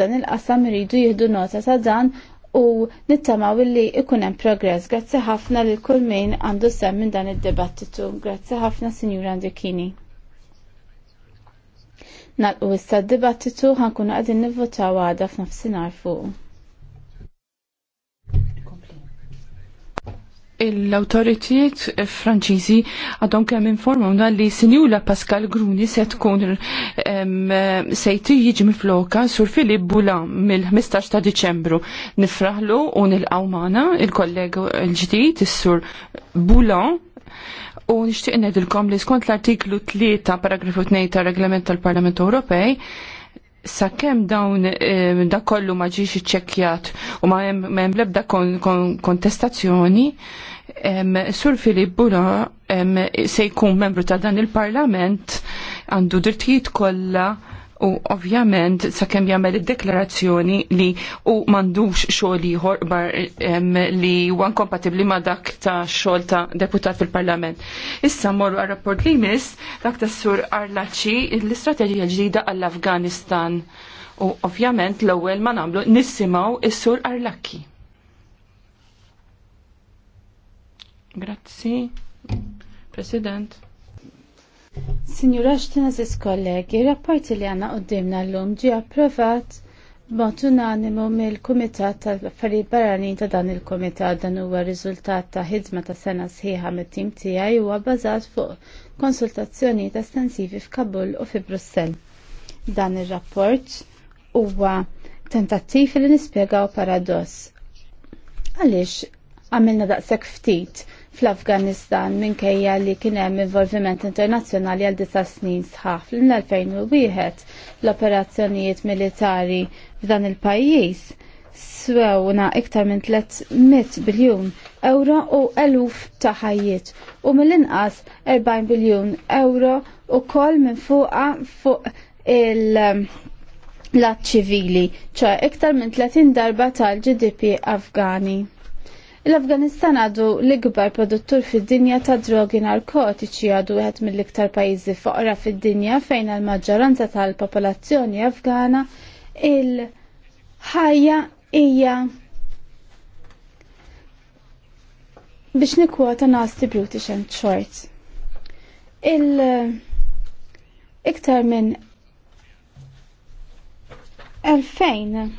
dan il-qasam rridu jihdu nota ta' dan u nittamaw illi ikunem progress. Grazzi ħafna li kull min għandu sem minn dan id-debattitu. Grazzi ħafna, Sinjura Andrikini. Nalqu issa d-dibattitu ħankun għadin nivvotaw għada f'nafsinhar fuq. l-autoritiet franċiżi għadhom kemm informawna li sinjula Pascal Gruni se tkun sejti jiġi mifloka sur Filip Bula mill-15 ta' Diċembru. Nifraħlu u nilqaw qawmana il-kollega l-ġdid, is-sur Bula, U nixtieq ngħidilkom li skont l-artiklu 3 paragrafu 2 tar-Reglament tal-Parlament Ewropej sakemm dawn eh, da kollu ma ġiex iċċekkjat u ma hemm lebda kontestazzjoni, Sur Filip Bula se jkun membru ta' dan il-Parlament għandu drittijiet kollha u ovvjament sakemm jagħmel id-deklarazzjoni li u m'għandux xogħol ieħor bar li huwa inkompatibbli ma' dak ta' xogħol ta' deputat fil-Parlament. Issa morru għar rapport li jmiss dak ta' sur Arlaċi l-istrateġija ġdida għall-Afganistan. U ovvjament l-ewwel ma nagħmlu nisimgħu is-sur Arlakki. Grazzi, President. Signor Ashton, aziz kollegi, il-rapporti li għanna għoddimna l-lum ġi approvat b'mod unanimu mill-Kumitat tal-Affarijiet Barranin ta' dan il-Kumitat dan huwa riżultat ta' ħidma ta' sena sħiħa mit-tim tiegħi huwa bbażat fuq konsultazzjonijiet estensivi f'Kabul u fi Brussell. Dan ir-rapport huwa tentattiv li nispjegaw paradoss. Għaliex għamilna daqshekk ftit fl-Afganistan minkejja li kien hemm involviment internazzjonali għal disa snin sħaf l-2001 l-operazzjonijiet militari f'dan il-pajjiż swewna iktar minn 300 biljun euro u eluf ta' ħajjiet u mill-inqas 40 biljun euro u koll minn fuqa fuq il- um, lat ċivili, ċa iktar minn 30 darba tal-GDP Afgani. L-Afganistan għadu l-ikbar produttur fid-dinja ta' drogi narkotiċi għadu għed mill-iktar pajizi foqra fid-dinja fejn għal-maġġoranza tal-popolazzjoni afgana il-ħajja hija biex nikwota nasti British and Short. Il-iktar minn 2000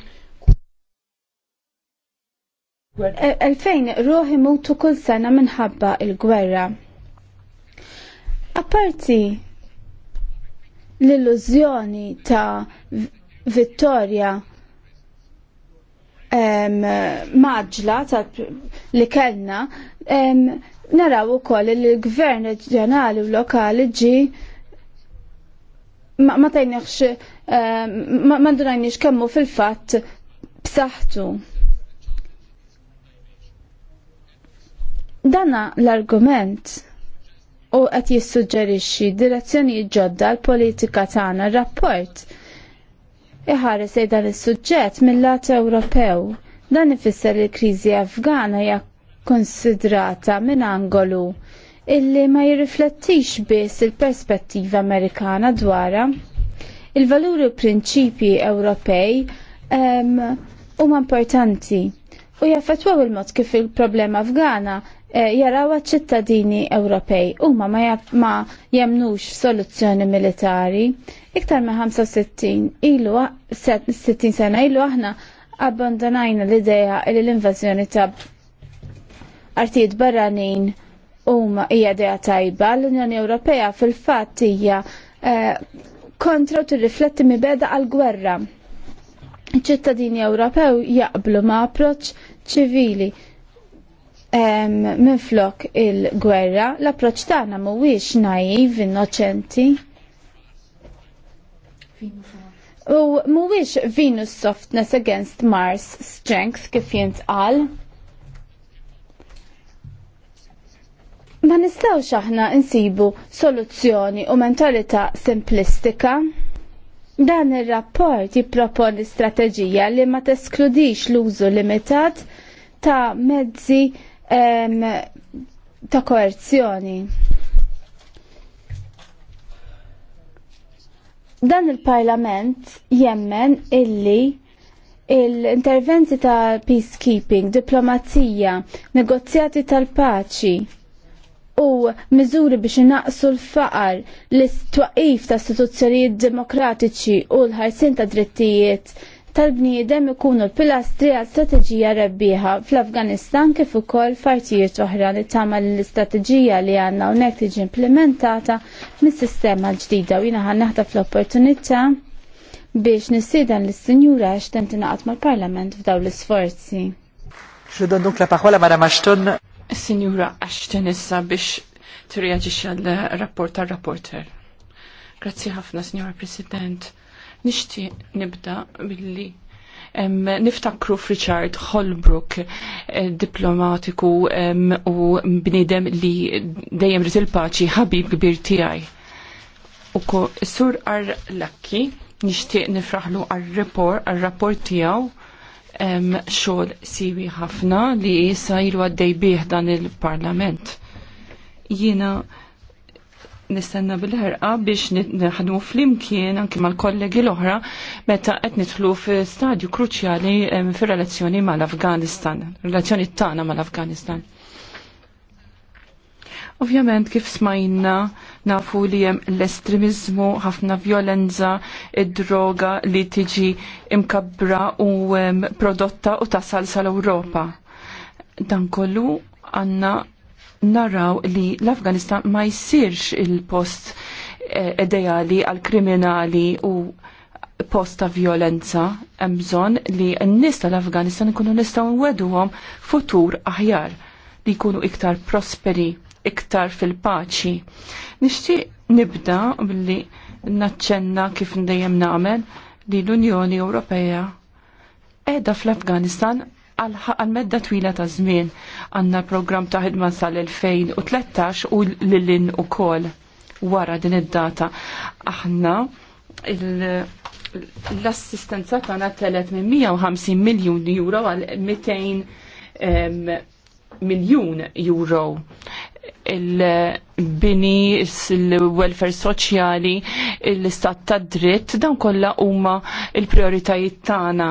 Għalfejn ruħi mutu kull sena minħabba il-gwerra. Apparti l-illużjoni ta' vittorja maġla li kellna naraw ukoll li l-gvern reġjonali u lokali ġi ma tajniex ma ndunajniex kemmu fil-fatt b'saħħtu. Dana l-argument u qed jissuġġerixxi direzzjoni ġodda l-politika tagħna rapport iħares sej dan is-suġġett mill-lat Ewropew. Dan ifisser li l-kriżi Afgana hija konsidrata minn angolu illi ma jirriflettix biss il-perspettiva Amerikana dwara il-valuri u prinċipji Ewropej huma importanti u jaffettwaw il-mod kif il-problema Afgana Eh, jaraw ċittadini Ewropej huma ma jemnux soluzzjoni militari. Iktar ma' 65 ilu 60 sena ilu aħna abbandonajna l-idea li l-invażjoni ta' artijiet barranin huma hija idea tajba l-Unjoni Ewropea fil-fatt hija eh, kontra u mi beda għal-gwerra. ċittadini Ewropew jaqblu ma' approċċ ċivili minflok il-gwerra, l-approċ tagħna mhuwiex naiv, innoċenti. U mhuwiex Venus softness against Mars strength kif jintqal. Ma nistgħux aħna insibu soluzzjoni u mentalità simplistika. Dan ir-rapport jipproponi strateġija li ma teskludix l-użu limitat ta' mezzi ta' koerzjoni. Dan il-parlament jemmen illi l-interventi ta' peacekeeping, diplomazija, negozjati tal-paċi u miżuri biex naqsu l-faqar l-istwaqif ta' istituzzjonijiet demokratiċi u l-ħarsin ta' drittijiet tal-bniedem ikunu pilastri għal strateġija rebbieħa fl-Afganistan kif ukoll partijiet oħra li tagħmel l-istrateġija li għandna hawnhekk tiġi implementata mis-sistema l-ġdida u jiena ħan naħta fl-opportunità biex nissidan lis-Sinjura x'tem tingħaqad mal-Parlament f'daw l-isforzi. Je donne la Ashton. Signora Ashton issa biex tirreaġixxi għal rapport tar-rapporter. Grazzi ħafna, sinjura President Nixtieq nibda billi niftakru f'Richard Holbrook, eh, diplomatiku u bnidem li dejjem rrit il-paċi ħabib kbir tiegħi. U sur Ar Lakki nixtieq nifraħlu ar rapport tiegħu um, xogħol siwi ħafna li jisa jilu għaddej dan il-parlament. Jiena nistenna bil-ħerqa biex nħadmu fl-imkien anki mal-kollegi l-oħra meta qed nidħlu f'stadju kruċjali fir-relazzjoni mal-Afganistan, relazzjoni tagħna mal-Afganistan. Ovvjament kif smajna nafu li hemm l-estremizmu, ħafna violenza, id-droga li tiġi imkabbra u prodotta u tasal sal-Ewropa. Dan kollu għanna naraw li l-Afganistan ma jsirx il-post eh, ideali għal kriminali u post ta' violenza hemm bżonn li n nista tal-Afganistan ikunu nistgħu għom futur aħjar li jkunu iktar prosperi, iktar fil-paċi. Nixtieq nibda billi naċċenna kif ndejjem nagħmel li l-Unjoni Ewropea qiegħda fl-Afganistan għal-medda twila ta' żmien għandna program ta' ħidma sal-2013 u l-lin u kol wara din id-data. Aħna l-assistenza tagħna għana minn miljon miljun euro għal 200 miljun euro il-bini, il-welfare soċjali, l-istat ta' dritt, dan kollha huma il-prioritajiet tagħna.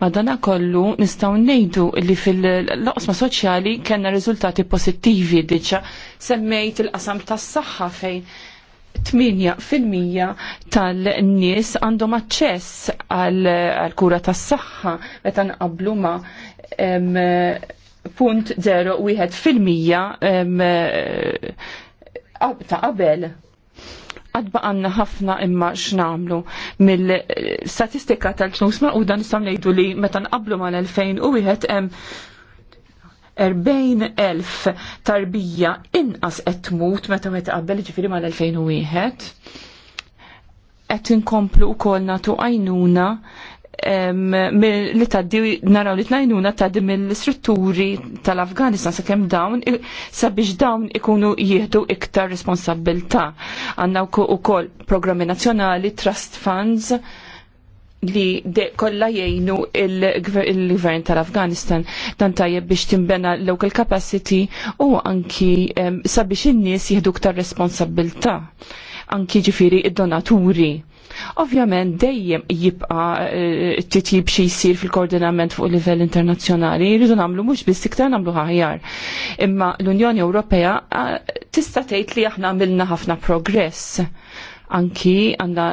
Madana kollu nistgħu ngħidu li fil-loqsma soċjali kellna riżultati pożittivi diġà semmejt il-qasam tas-saħħa fejn 8% tal-nies għandhom aċċess għal kura tas-saħħa meta nqablu ma' 0.01 fil-mija eh, ta' qabel għadba għanna ħafna imma x'namlu mill-statistika tal-ċnus ma' u dan nistam nejdu li meta nqablu ma' l wieħed hemm 40,000 tarbija inqas qed tmut meta meta qabel ġifieri ma' l-2001 qed inkomplu wkoll nagħtu għajnuna li taddi naraw li tnajnuna taddi mill-istrutturi tal-Afganistan sa' kem dawn sabiex dawn ikunu jihdu iktar responsabilta għanna u kol programmi nazjonali, trust funds li kolla jgħinu il-gvern tal-Afganistan dan tajjeb biex timbena local capacity u anki sabiex in-nies jihdu iktar responsabilta anki ġifiri id-donaturi. Ovvjament dejjem jibqa eh, titjib xi jsir fil-koordinament fuq livell internazzjonali, jridu nagħmlu mhux biss iktar nagħmlu ħajjar. Imma l-Unjoni Ewropea eh, tista' tgħid li aħna għamilna ħafna progress. Anki għandna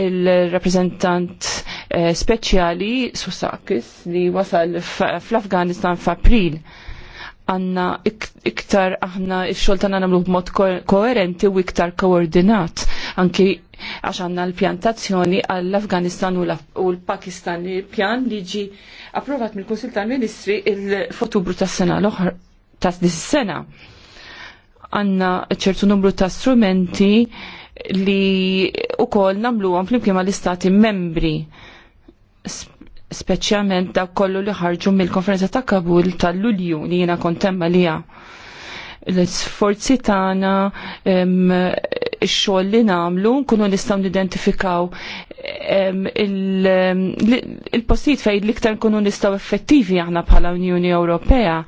il-rappreżentant eh, speċjali Susakis li wasal fl-Afganistan f'April għanna iktar aħna il-xol tagħna nagħmlu b'mod koerenti u iktar koordinat anki għax għanna l-pjantazzjoni għall-Afganistan u l-Pakistan il-pjan li ġi approvat mill konsil tal-Ministri il-Fottubru tas-sena l-oħra tas sena l oħra ta' dis sena Għanna ċertu numru ta' strumenti li u kol namlu għan fl imkima l-istati membri speċjalment dak kollu li ħarġu mill-konferenza ta' Kabul tal-Lulju li jiena kontemma li l-sforzi tagħna x xogħol li nagħmlu nkunu nistgħu nidentifikaw il-postijiet fejn l-iktar nkunu nistgħu effettivi aħna bħala Unjoni Ewropea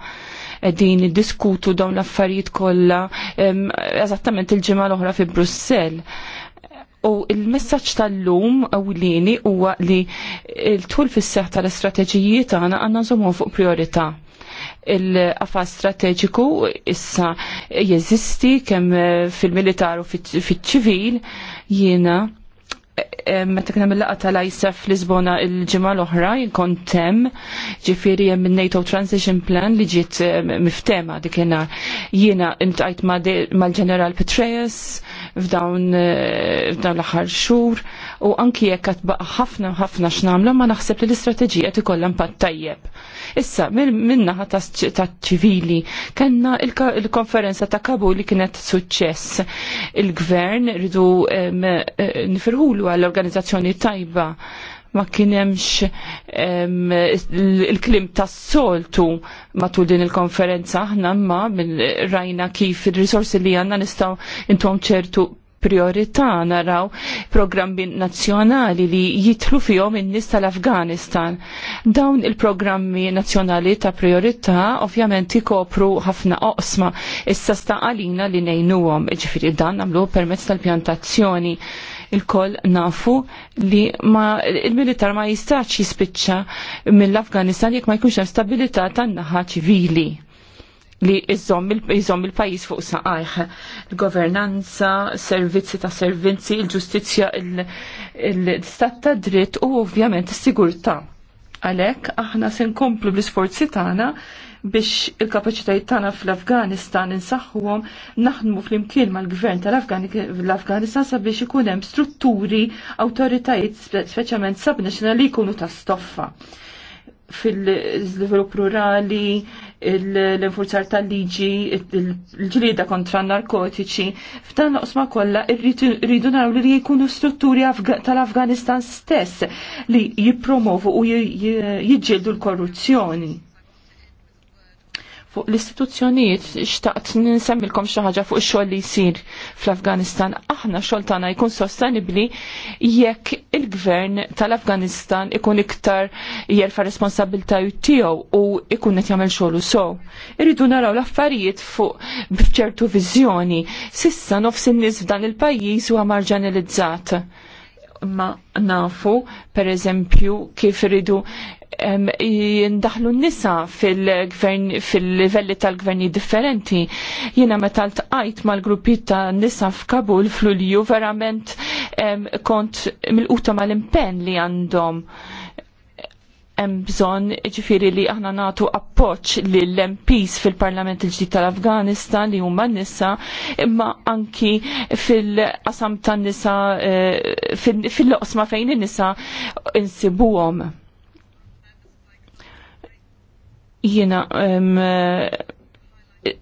din diskutu dawn l-affarijiet kollha eżattament il-ġimgħa l-oħra fi Brussell U il-messaċ tal-lum ewlieni huwa li l-tul fis-seħ tal-istrateġiji tagħna għandna nżommu fuq priorità il-qafa strateġiku issa jeżisti kemm eh, fil-militar u fiċ-ċivil jiena eh, meta kien mill-laqa tal-ISF Lisbona il-ġimgħa l-oħra kont hemm ġifieri hemm NATO Transition Plan li ġiet eh, miftema dik jiena intqajt mal-ġeneral Petraeus f'dawn eh, f'dawn l-aħħar xhur u anki jekk qed baqa' ħafna ħafna x'namlu ma naħseb li l-istrateġija qed ikollha impatt tajjeb. Issa minnaħa taċ-ċivili kellna il-konferenza ta' Kabul li kienet suċċess. Il-gvern rridu eh, nifirħulu għall-organizzazzjoni tajba ma kienemx il-klim tas soltu matul din il-konferenza aħna ma rajna kif il-risorsi li għanna nistaw intom ċertu priorità naraw programmi nazzjonali li jitlu fihom in-nies tal-Afganistan. Dawn il-programmi nazzjonali ta' priorità ovvjament ikopru ħafna oqsma issa sta' għalina li ngħinuhom, ġifieri dan nagħmlu permezz tal-pjantazzjoni il-koll nafu li ma il-militar ma jistax jispiċċa mill-Afganistan jekk ma jkunx hemm stabilità tan-naħa ċivili li jżomm il-pajis fuq saqajħ. Il-governanza, servizzi ta' servizzi, il-ġustizja, il-stat ta' dritt u ovvjament is-sigurtà. Għalhekk aħna se nkomplu bl-isforzi tagħna biex il-kapaċitajiet tagħna fl-Afganistan insaħħuhom naħdmu fl-imkien mal-gvern tal-Afganistan sabiex ikun hemm strutturi awtoritajiet speċjalment sabnational li jkunu ta' stoffa fil-żvilupp rurali, l-infurzar tal-liġi, l-ġlieda kontra n narkotiċi. F'dan l osma kollha rridu naraw li jkunu strutturi tal-Afganistan stess li jippromovu u jiġġieldu l-korruzzjoni fuq l-istituzzjonijiet xtaqt ninsemmilkom xi ħaġa fuq ix-xogħol li jsir fl-Afganistan. Aħna xogħol tagħna jkun sostenibbli jekk il-gvern tal-Afganistan ikun iktar jerfa' responsabilità tiegħu u ikun qed jagħmel xogħol so. Irridu naraw l-affarijiet fuq b'ċertu viżjoni. Sissa nofsin nies f'dan il-pajjiż huwa marġanalizzat ma nafu, per eżempju, kif iridu jindaħlu n-nisa fil-livelli fil tal-gverni differenti. Jina meta l-tqajt mal-gruppi ta' nisa f'Kabul fl-Ulju verament kont mil-quta mal-impen li għandhom hemm bżonn ġifiri li aħna nagħtu appoġġ lill MPs fil-Parlament il-ġdid tal-Afganistan li huma nisa imma anki fil-qasam tan-nisa eh, fil-loqsma fejn in-nisa insibuhom Jiena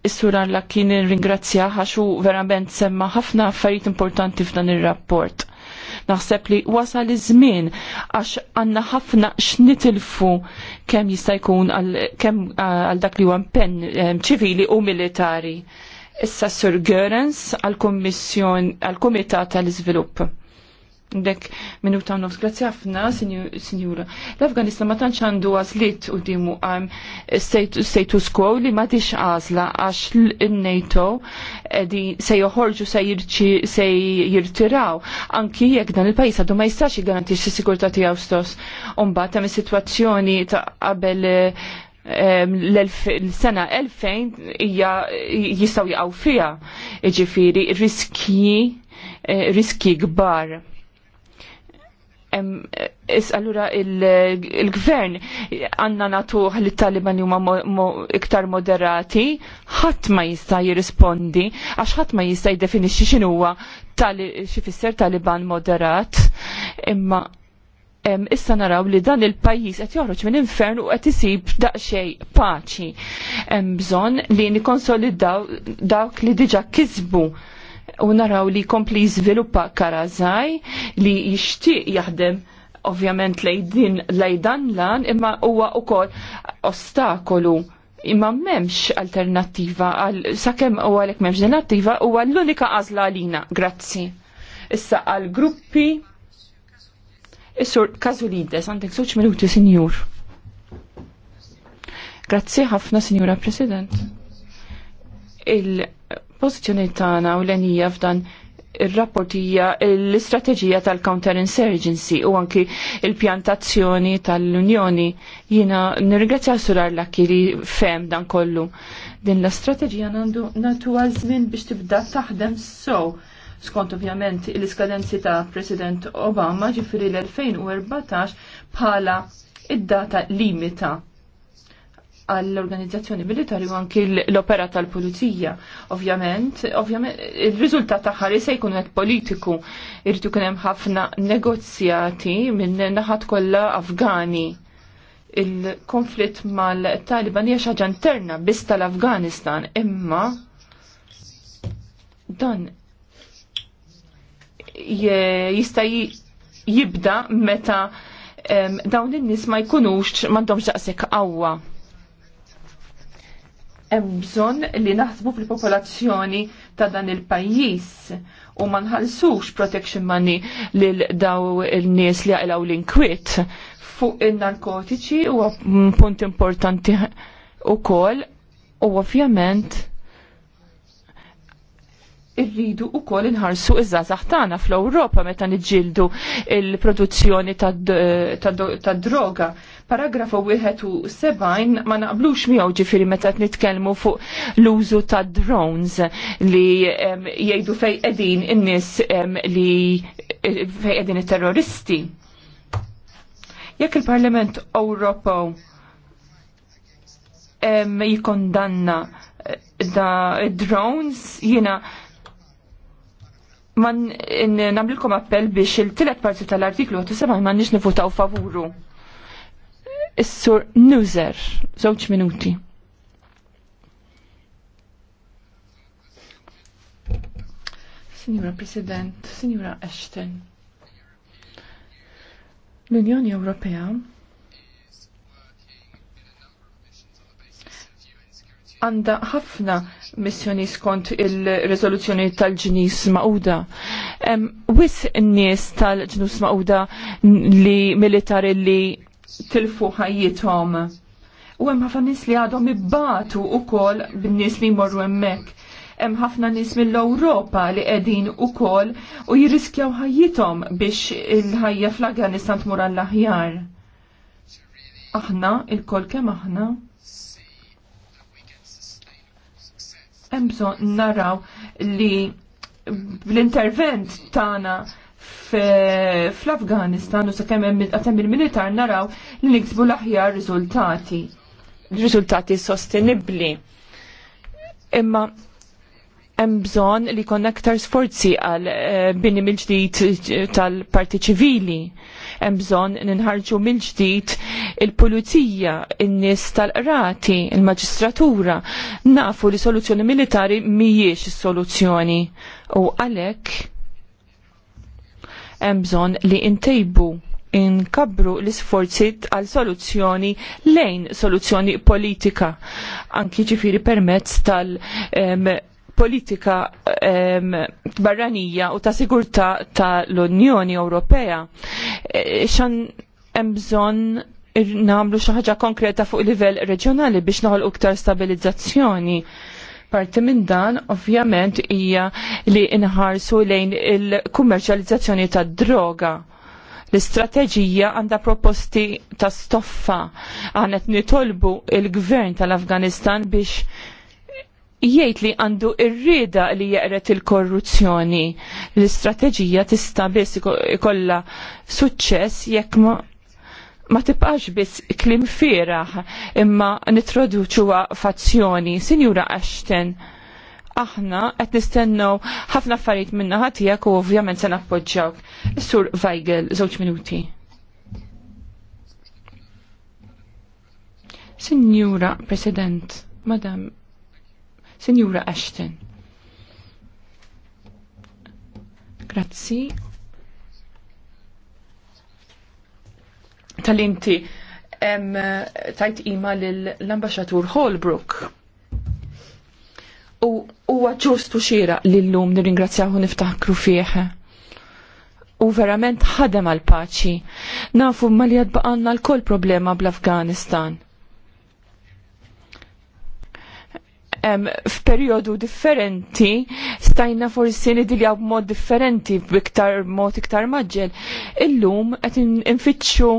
Is-sura la kien ringrazzja għaxu verament semma ħafna affarijiet importanti f'dan ir-rapport. Naħseb li wasal iż-żmien għax għandna ħafna x'nitilfu kemm jista' jkun kemm għal dak li huwa pen ċivili u militari. Issa Sur Görens għall kumitat tal-Iżvilupp. Dek minuta nofs, Grazie ħafna, sinjura. L-Afganistan ma tantx għandu għazlit u dimu għam um, status skow li ma tix għażla għax il-NATO di se joħorġu se jirtiraw anki jekk dan il-pajis għadu ma jistax jgarantix is-sigurtà tiegħu stos. Umba ta' is-sitwazzjoni ta' qabel um, l-sena 2000 jistaw jistgħu jaqgħu fiha. Jiġifieri riski riskji eh, riski kbar Is allura il-gvern għanna natuħ li taliban juma iktar moderati, ħadd ma jista' jirrispondi, għax ħadd ma jista' jiddefinixxi x'inhuwa tali, xifisser taliban moderat, imma issa naraw li dan il-pajjiż qed joħroġ minn infern u qed jisib daqsxejn paċi. Hemm bżonn li nikkonsolidaw dawk li diġà kizbu u naraw li kompli jizviluppa karazaj li jixtieq jaħdem ovvjament lejdin lejdan lan imma huwa ukoll ostakolu imma memx alternativa għal sakemm u għalek memx alternativa u l-unika għazla għalina grazzi issa għal gruppi Is-sur santek għandek suċ minuti, sinjur. Grazzi ħafna, Sinjura President. Il- pozizjoni tagħna u l-enija f'dan il-rapportija l-istrateġija tal-counterinsurgency u anki il-pjantazzjoni tal-Unjoni. Jina nirgrazzja surar l-akki li fem dan kollu. Din l-istrateġija nandu natu għazmin biex tibda taħdem s-so. Skont ovvjament l-iskadenzi ta' President Obama ġifiri l-2014 bħala id-data limita għall-organizzazzjoni militari u anki l-opera tal-pulizija. Ovvjament, ovvjament, il-riżultat taħħa li se jkun qed politiku irid ikun hemm ħafna negozjati minn naħat kollha Afgani. Il-konflitt mal-Taliban hija xaġa interna biss tal-Afganistan, imma dan jista' jibda meta dawn in-nies ma jkunux m'għandhomx daqshekk qawwa hemm bżonn li naħsbu fil-popolazzjoni ta' dan il-pajjiż u ma nħallsux protection money lil daw il-nies li għalaw l inkwit fuq il-narkotiċi u punt importanti u kol u ovvjament irridu u kol inħarsu iż-żazax tagħna fl-Ewropa meta niġġieldu il-produzzjoni ta' droga. Paragrafu 71 ma naqblux miegħu ġifieri meta qed nitkellmu fuq l-użu ta' drones li jgħidu fej qegħdin in-nies li fej qegħdin it-terroristi. Jekk il-Parlament Ewropew jikondanna eh, da drones jina man namlikom appell biex il-tilet parti tal-artiklu 7 ma nix nifutaw favuru. Is-sur Nuzer, żewġ minuti. Signora President, Signora Ashton, l-Unjoni Ewropea għanda ħafna missjoni skont il rezoluzjoni tal-ġinis ma'uda. wis n-nies tal-ġinus ma'uda li militari li tilfu ħajjithom. U hemm ħafna nies li għadhom ibbatu ukoll bin-nies li jmorru hemmhekk. Hemm ħafna nies mill-Ewropa li qegħdin ukoll u jirriskjaw ħajjithom biex il-ħajja fl-Afganistan tmur għall-aħjar. Aħna, il-kol kemm aħna, emso naraw li l-intervent tana fl-Afganistan u sakemm hemm il-militar naraw li niksbu l-aħjar riżultati, riżultati sostenibbli. Imma hemm bżonn li konna aktar sforzi għal eh, bini mill-ġdid eh, tal-parti ċivili hemm bżonn ninħarġu mill-ġdid il-pulizija, in-nies tal-qrati, il-maġistratura. Nafu li soluzzjoni militari mhijiex is-soluzzjoni u għalhekk hemm bżonn li ntejbu inkabru l-isforzi għal soluzzjoni lejn soluzzjoni politika, anki ġifiri permezz tal- politika barranija u ta' sigurtà tal-Unjoni Ewropea. E, xan hemm bżonn nagħmlu xi ħaġa konkreta fuq livell reġjonali biex noħolqu iktar stabilizzazzjoni. Parti minn dan, ovvjament, hija li inħarsu lejn il-kummerċjalizzazzjoni tad-droga l-istrateġija għandha proposti ta' stoffa għanet nitolbu il-gvern tal-Afganistan biex jgħid li għandu irrida rieda li jeqret il-korruzzjoni. L-istrateġija tista' biss ikollha suċċess jekk ma ma tibqax biss klim fieraħ imma nitroduċuha fazzjoni. Sinjura Ashton, aħna qed nistennew ħafna affarijiet minna ħatijak u ovvjament se nappoġġjawk. Sur Weigel, żewġ minuti. Sinjura President, Madam Sinjura Ashton. Grazzi. Talinti inti tajt ima l-ambasġatur Holbrook. U huwa ġustu xira l-lum nirringrazzjahu niftakru fieħ u verament ħadem għal paċi. Nafu ma li għadbaqanna l-kol problema bl-Afganistan. f'perjodu differenti stajna forsi nidilja b'mod differenti b'iktar mod iktar maġġel. Illum qed infittxu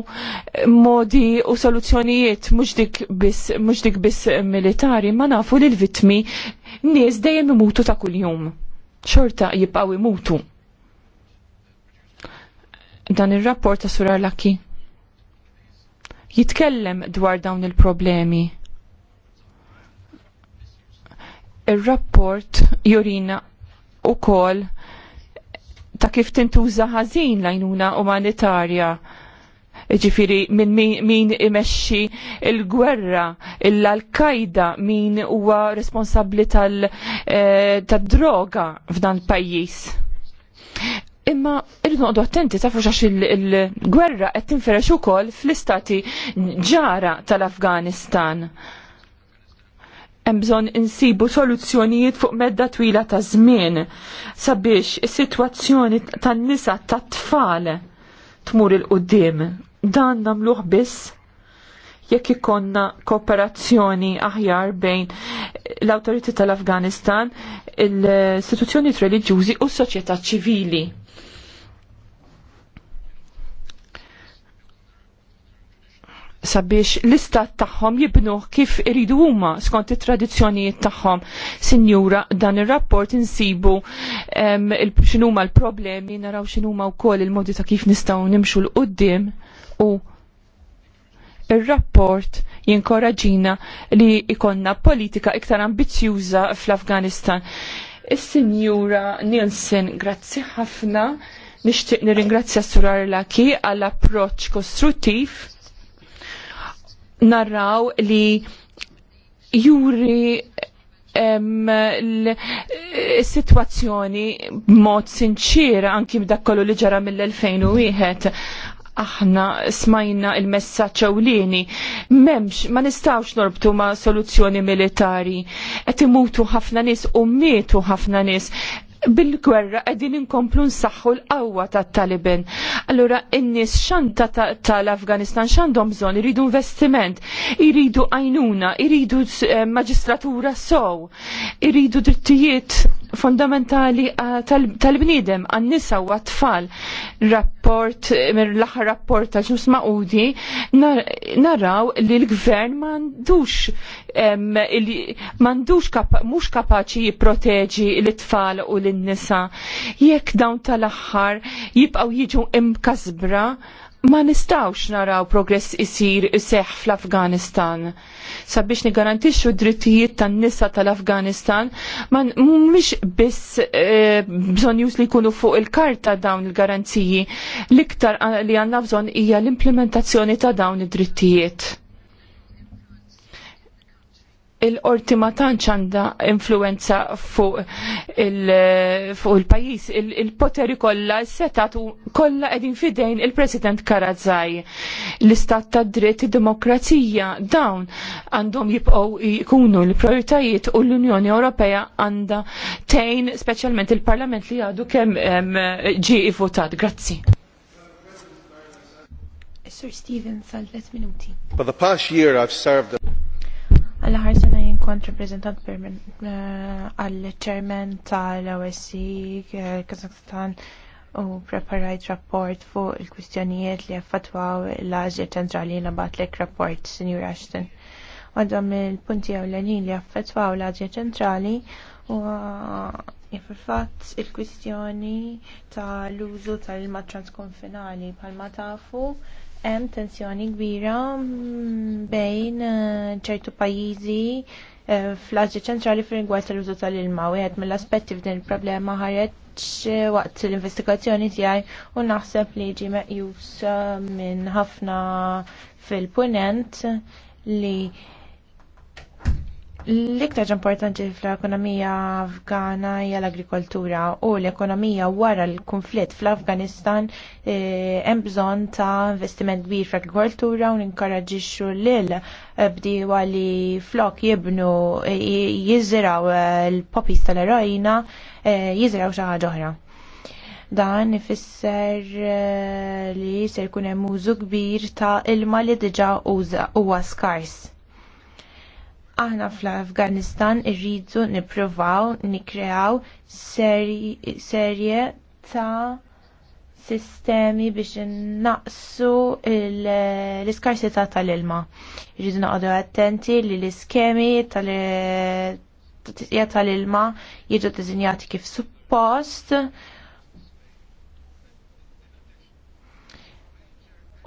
modi u soluzzjonijiet mhux dik biss mhux dik biss militari ma nafu li l-vitmi nies dejjem imutu ta' kuljum. Xorta jibqgħu imutu. Dan ir-rapport ta' Surar Laki jitkellem dwar dawn il-problemi il-rapport jurina u kol ta' kif tintuża ħażin lajnuna umanitarja. Ġifiri minn min, min imexxi il-gwerra, l-Al-Qaida, min huwa responsabbli tal-droga eh, f'dan il-pajjiż. Imma irridu attenti tafu xax il-gwerra qed tinferex ukoll fl-istati ġara tal-Afganistan hemm bżonn insibu soluzzjonijiet fuq medda twila ta' żmien sabiex is-sitwazzjoni tan-nisa tat-tfal tmur il-qudiem. Dan nagħmluh biss jekk ikonna kooperazzjoni aħjar bejn l-awtoriti tal-Afganistan, l-istituzzjoni reliġjużi u s-soċjetà ċivili. sabiex l-istat tagħhom jibnuh kif iridu huma skont it-tradizzjonijiet tagħhom. Sinjura, dan ir-rapport insibu x'inhuma l-problemi, naraw x'inhuma wkoll il-modi ta' kif nistgħu nimxu l qudiem u ir-rapport jinkoraġina li ikonna politika iktar ambizzjuża fl-Afganistan. Is-Sinjura Nielsen, grazzi ħafna. Nixtieq nirringrazzja Surar Laki għall approċċ kostruttiv narraw li juri l-situazzjoni eh, b'mod sinċir anki b'dak kollu li ġara mill-2001 aħna smajna il-messaċ ewlieni m'hemmx ma nistawx norbtu ma' soluzzjoni militari qed imutu ħafna nies u mietu ħafna nies bil-gwerra qegħdin inkomplu nsaħħu l-qawwa tat-Taliban. Allura n-nies xanta tal-Afganistan x'għandhom bżonn iridu investiment, iridu għajnuna, iridu eh, maġistratura sow, iridu drittijiet fondamentali eh, tal-bniedem għannisa u għat-tfal. Rapport, eh, l-aħħar rapport ta' ġus maqudi, naraw li l-gvern m'għandux m'għandux mhux kapaċi jipproteġi l-tfal u l lin-nisa. Jekk dawn tal-aħħar jibqgħu jiġu imkasbra, ma nistawx naraw progress isir seħ fl-Afganistan. Sabiex nigarantixxu drittijiet tan-nisa tal-Afganistan, ma mhumiex biss eh, bżonn li jkunu fuq il-karta dawn il-garanziji. L-iktar li għandna bżonn hija l-implementazzjoni ta' dawn id-drittijiet il-qorti ma tantx għandha influenza fuq il-pajjiż, il-poteri kollha, is-setat kollha qegħdin fidejn il-President Karazzaj. L-istat ta' dritt id-demokrazija dawn għandhom jibqgħu jkunu l-prioritajiet u l-Unjoni Ewropea għandha tejn speċjalment il-Parlament li għadu kemm ġie votat. Grazzi. Sir Stephen, minuti. For the past year I've served Għal-ħar sena jinkont reprezentant eh, għal-ċermen tal-OSC Kazakhstan u preparajt rapport fuq il-kwistjonijiet li għaffatwaw l-Azja ċentrali nabat lek rapport, Sr. Ashton. Għadhom il-punti għawlanin li għaffatwaw l-Azja ċentrali u eh, fil il-kwistjoni tal-użu tal-ilma transkonfinali palma tafu hemm tensjoni kbira bejn eh, ċertu pajjiżi eh, fl aġġi ċentrali fir rigward tal-użu tal-ilma. Wieħed mill-aspetti f'din il-problema ħareġ eh, waqt l-investigazzjoni tiegħi u naħseb li ġi meqjus minn ħafna fil-punent li L-iktar importanti fl-ekonomija afgana hija l-agrikoltura u l-ekonomija wara l-konflitt fl-Afganistan eh, hemm bżonn ta' investiment kbir fl-agrikoltura u ninkoraġixxu lil bdiewa li flok jibnu eh, jiżraw eh, l-popis tal-erojna jiżraw xi ħaġa oħra. Dan ifisser li se jkun hemm użu kbir ta' ilma li diġà huwa skars aħna fl-Afganistan irridu nippruvaw nikkreaw serje ta' sistemi biex naqsu l-iskarsità tal-ilma. Irridu naqdu attenti li l-iskemi tal-ilma jiġu dizinjati kif suppost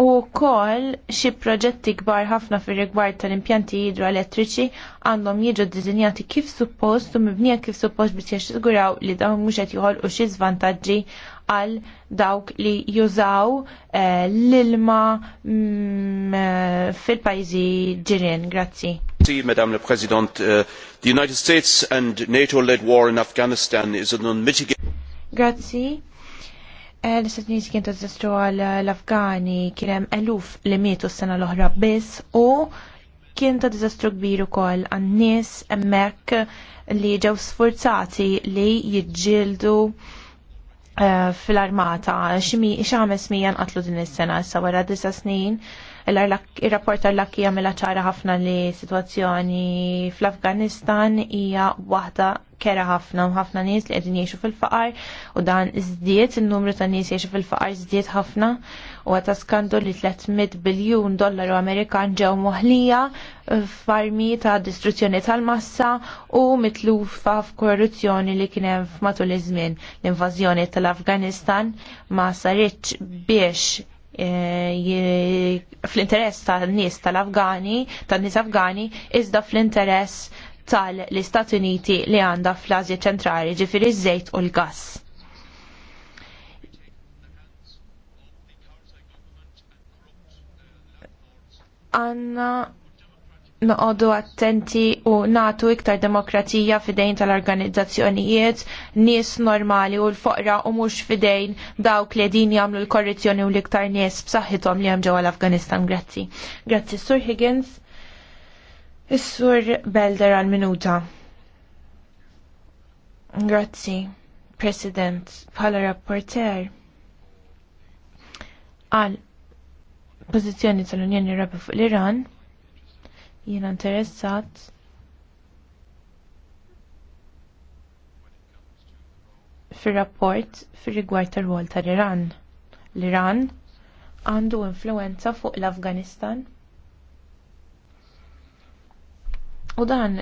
U kol xi proġetti kbar ħafna fir rigward tal-impjanti idroelettriċi għandhom jiġu dizinjati kif suppost u mibnija kif suppost biex jaxżguraw li dawn mhux qed joħolqu xi żvantaġġi għal dawk li jużaw eh, l-ilma mm, eh, fil-pajjiżi ġirien. Grazzi. Madam la President, uh, the United States and NATO-led war in Afghanistan is an unmitigated. Grazzi l-Istat Uniti kien tażistru għal l-Afgani kien hemm eluf li mietu s-sena l-oħra biss u kien ta' diżastru kbir ukoll għan-nies hemmhekk li ġew sforzati li jiġġieldu eh, fil-armata xi ħames mija nqatlu din is-sena issa wara disa' snin Il-rapport tal-lakki ċara ħafna li situazzjoni fl-Afganistan hija waħda kera ħafna u ħafna nies li qegħdin jgħixu fil-faqar u dan iżdied in-numru ta' nies jgħixu fil-faqar iżdied ħafna u għata skandu li 300 biljun dollaru Amerikan ġew moħlija f'armi ta' distruzzjoni tal-massa u mitlufa f'korruzzjoni li kien hemm f'matul iż-żmien. L-invażjoni tal-Afganistan ma saritx biex Eh, fl-interess tan-nies tal-Afgani, tan-nies Afgani, iżda fl-interess tal-Istati Uniti li għandha fl azja ċentrali, ġifieri z żejt u l-gass. Għanna noqodu attenti u natu iktar demokratija fidejn tal-organizzazzjonijiet, nies normali u l-foqra u mhux fidejn dawk li din jagħmlu l-korruzzjoni u l-iktar nies b'saħħithom li hemm ġewwa l-Afganistan. Grazzi. Grazzi Sur Higgins. Is-Sur Belder għal minuta. Grazzi, President, bħala rapporter. Għal pożizzjoni tal-Unjoni Ewropea fuq l-Iran, Jiena interessat fir-rapport fir-rigward tar-rwol tal-Iran. L-Iran għandu influenza fuq l-Afganistan. U dan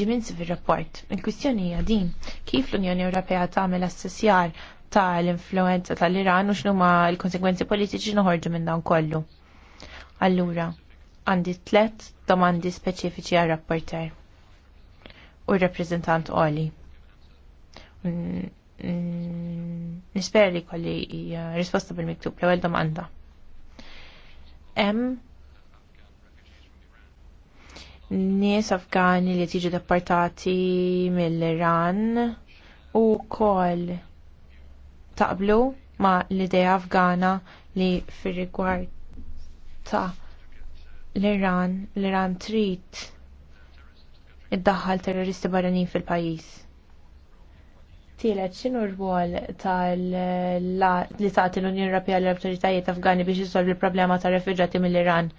ġiminsi fil-rapport. Il-kwistjoni hija din kif l-Unjoni Ewropea tagħmel assessjar tal-influenza tal-Iran u x'numa l-konsekwenzi politiċi noħorġu minn dan kollu. Allura, għandi tlet domandi speċifiċi għal rapporter u r-rappreżentant Oli. Nispera li kolli risposta bil-miktub l-ewwel domanda. nies Afgani li tiġi deportati mill-Iran u koll taqblu ma l-idea Afgana li fir-rigward ta' l-Iran, l-Iran trid iddaħħal terroristi barranin fil-pajjiż. Tielet x'inhu r-rwol tal-li tagħti l-Unjoni Ewropea l-awtoritajiet Afgani biex jisolvi l-problema tar-refuġjati mill-Iran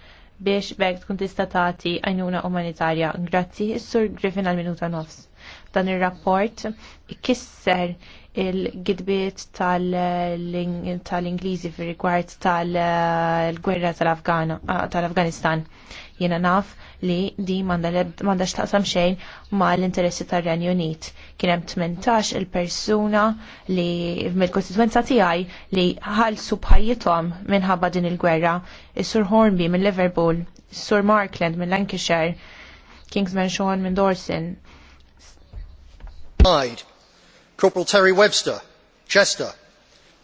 biex bekk tkun tista' tagħti għajnuna umanitarja. Grazzi, is-Sur Griffin għal-minuta nofs dan ir-rapport kisser il-gidbiet tal-Ingliżi fir rigward tal-gwerra ah, tal-Afganistan. Jiena naf li di mandax taqsam xejn mal-interessi tar-Renju Unit. Kien hemm 18 il-persuna li mill-kostituenza tiegħi li ħalsu bħajjithom minħabba din il-gwerra. Is-Sur Hornby minn Liverpool, Sur Markland minn Lancashire, Kingsman Sean minn Dorsin, Hyde, Corporal Terry Webster, Chester,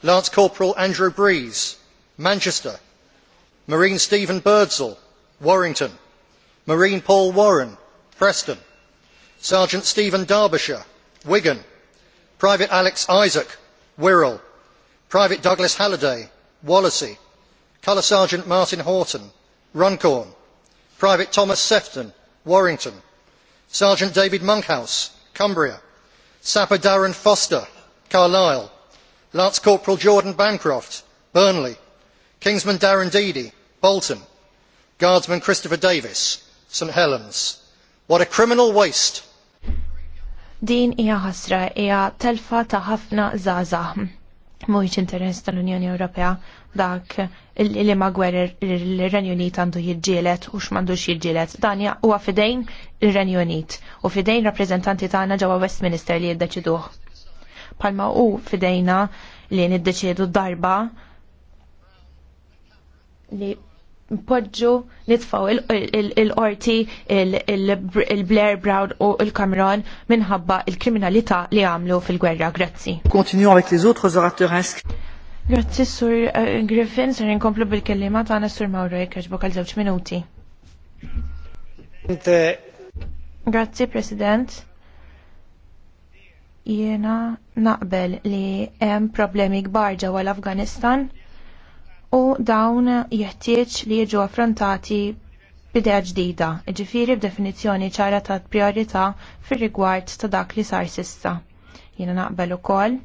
Lance Corporal Andrew Breeze, Manchester, Marine Stephen Birdsall, Warrington, Marine Paul Warren, Preston, Sergeant Stephen Derbyshire, Wigan, Private Alex Isaac, Wirral, Private Douglas Halliday, Wallasey, Colour Sergeant Martin Horton, Runcorn, Private Thomas Sefton, Warrington, Sergeant David Monkhouse, Cumbria, sapper darren foster carlisle lance corporal jordan bancroft burnley kingsman darren deedy bolton guardsman christopher davis st helens what a criminal waste din hija ħasra hija telfa ta' ħafna żgħażagħ mhuwiex interess tal-Unjoni Ewropea dak li ma gwerer l-Renju Unit għandu jiġġielet u x'mandux jiġġielet. Dan huwa fidejn ir-Renju Unit u fidejn rappreżentanti tagħna ġewwa Westminster li jiddeċiduh. Palma u fidejna li niddeċiedu darba li Poġġu nitfaw il-qorti il-Blair Brown u il-Cameron minħabba il-kriminalità li għamlu fil-gwerra. Grazzi. Continuons avec les autres orateurs Grazzi sur eh, Griffin, sur inkomplu bil-kellima ta' sur Mauro jekħġbu għal żewġ minuti. Grazzi President. Jena naqbel li hemm problemi kbar ġewwa l-Afganistan u dawn jeħtieġ li jiġu affrontati bidea ġdida, ġifiri b'definizzjoni ċara ta' priorità fir-rigward ta' dak li sar sissa. Jiena naqbel ukoll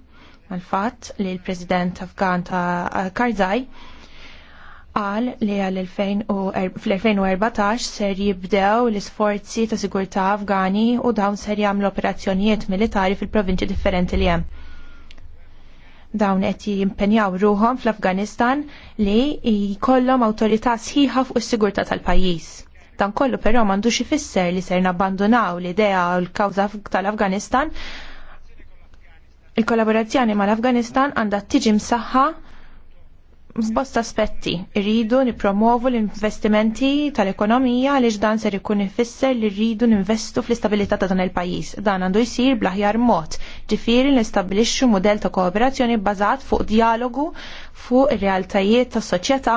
mal-fatt li l-President Afgan ta' Karzaj qal li għal er-, 2014 ser jibdew l-isforzi ta' sigurtà Afgani u dawn ser jagħmlu operazzjonijiet militari fil-provinċi differenti li hemm dawn qed jimpenjaw ruhom fl-Afganistan li jkollhom awtorità sħiħa fuq is-sigurtà tal-pajjiż. Dan kollu però m'għandux ifisser li ser nabbandunaw l-idea u l-kawża tal-Afganistan. Il-kollaborazzjoni mal-Afganistan għandha tiġi msaħħa F'bosta aspetti rridu nipromovu l-investimenti tal-ekonomija għaliex dan ser ikun ifisser li rridu ninvestu fl-istabilità ta' dan il-pajjiż. Dan għandu jsir bl-aħjar mod. Ġifieri nistabbilixxu mudell ta' kooperazzjoni bbażat fuq dialogu fuq ir-realtajiet tas-soċjetà.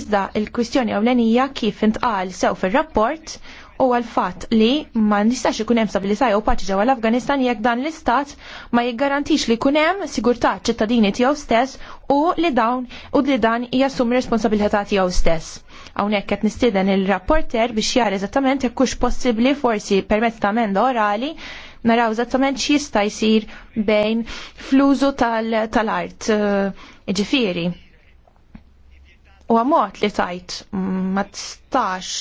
Iżda il-kwistjoni ewlenija kif intqal sew fir-rapport u għal-fat li ma nistax ikun hemm stabilità u paċi ġewwa l-Afganistan jekk dan l-istat ma jiggarantix li jkun hemm sigurtà ċittadini tiegħu stess u li dawn u li dan jassum responsabilità tiegħu stess. Hawnhekk qed nistieden il-rapporter biex jara eżattament jekk hux possibbli forsi permezz ta' amenda orali naraw eżattament x'jista' jsir bejn flużu tal-art eh, ġifiri. U għamot li tajt mm, ma tstax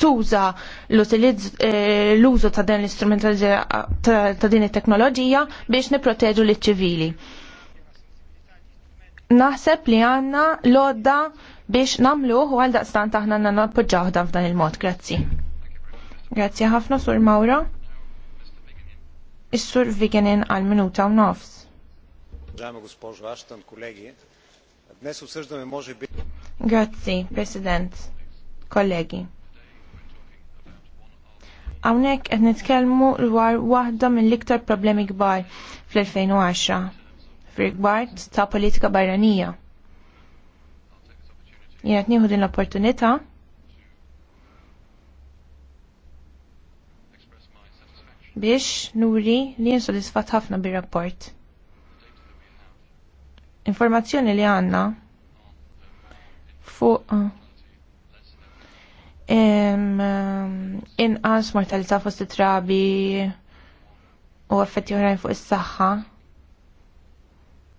tuża eh, l-użu ta' din l-istrumentalizzazzjoni ta' din it-teknoloġija biex nipproteġu l ċivili Naħseb li għandna lodda biex namluħ u għal daqstan taħna għanna nappoġġaw dan f'dan il-mod. Grazzi. Grazzi ħafna, Sur Mawra. Is-Sur Vigenin għal minuta u nofs. Grazzi, President, kollegi. Hawnhekk qed nitkellmu dwar waħda mill-iktar problemi kbar fl-2010 fil-rigward ta' politika barranija. Jien qed nieħu din l-opportunità biex nuri li jinsodisfat ħafna bir-rapport. Informazzjoni li għanna fuq inqas mortalità fost it-trabi u effetti oħrajn fuq is-saħħa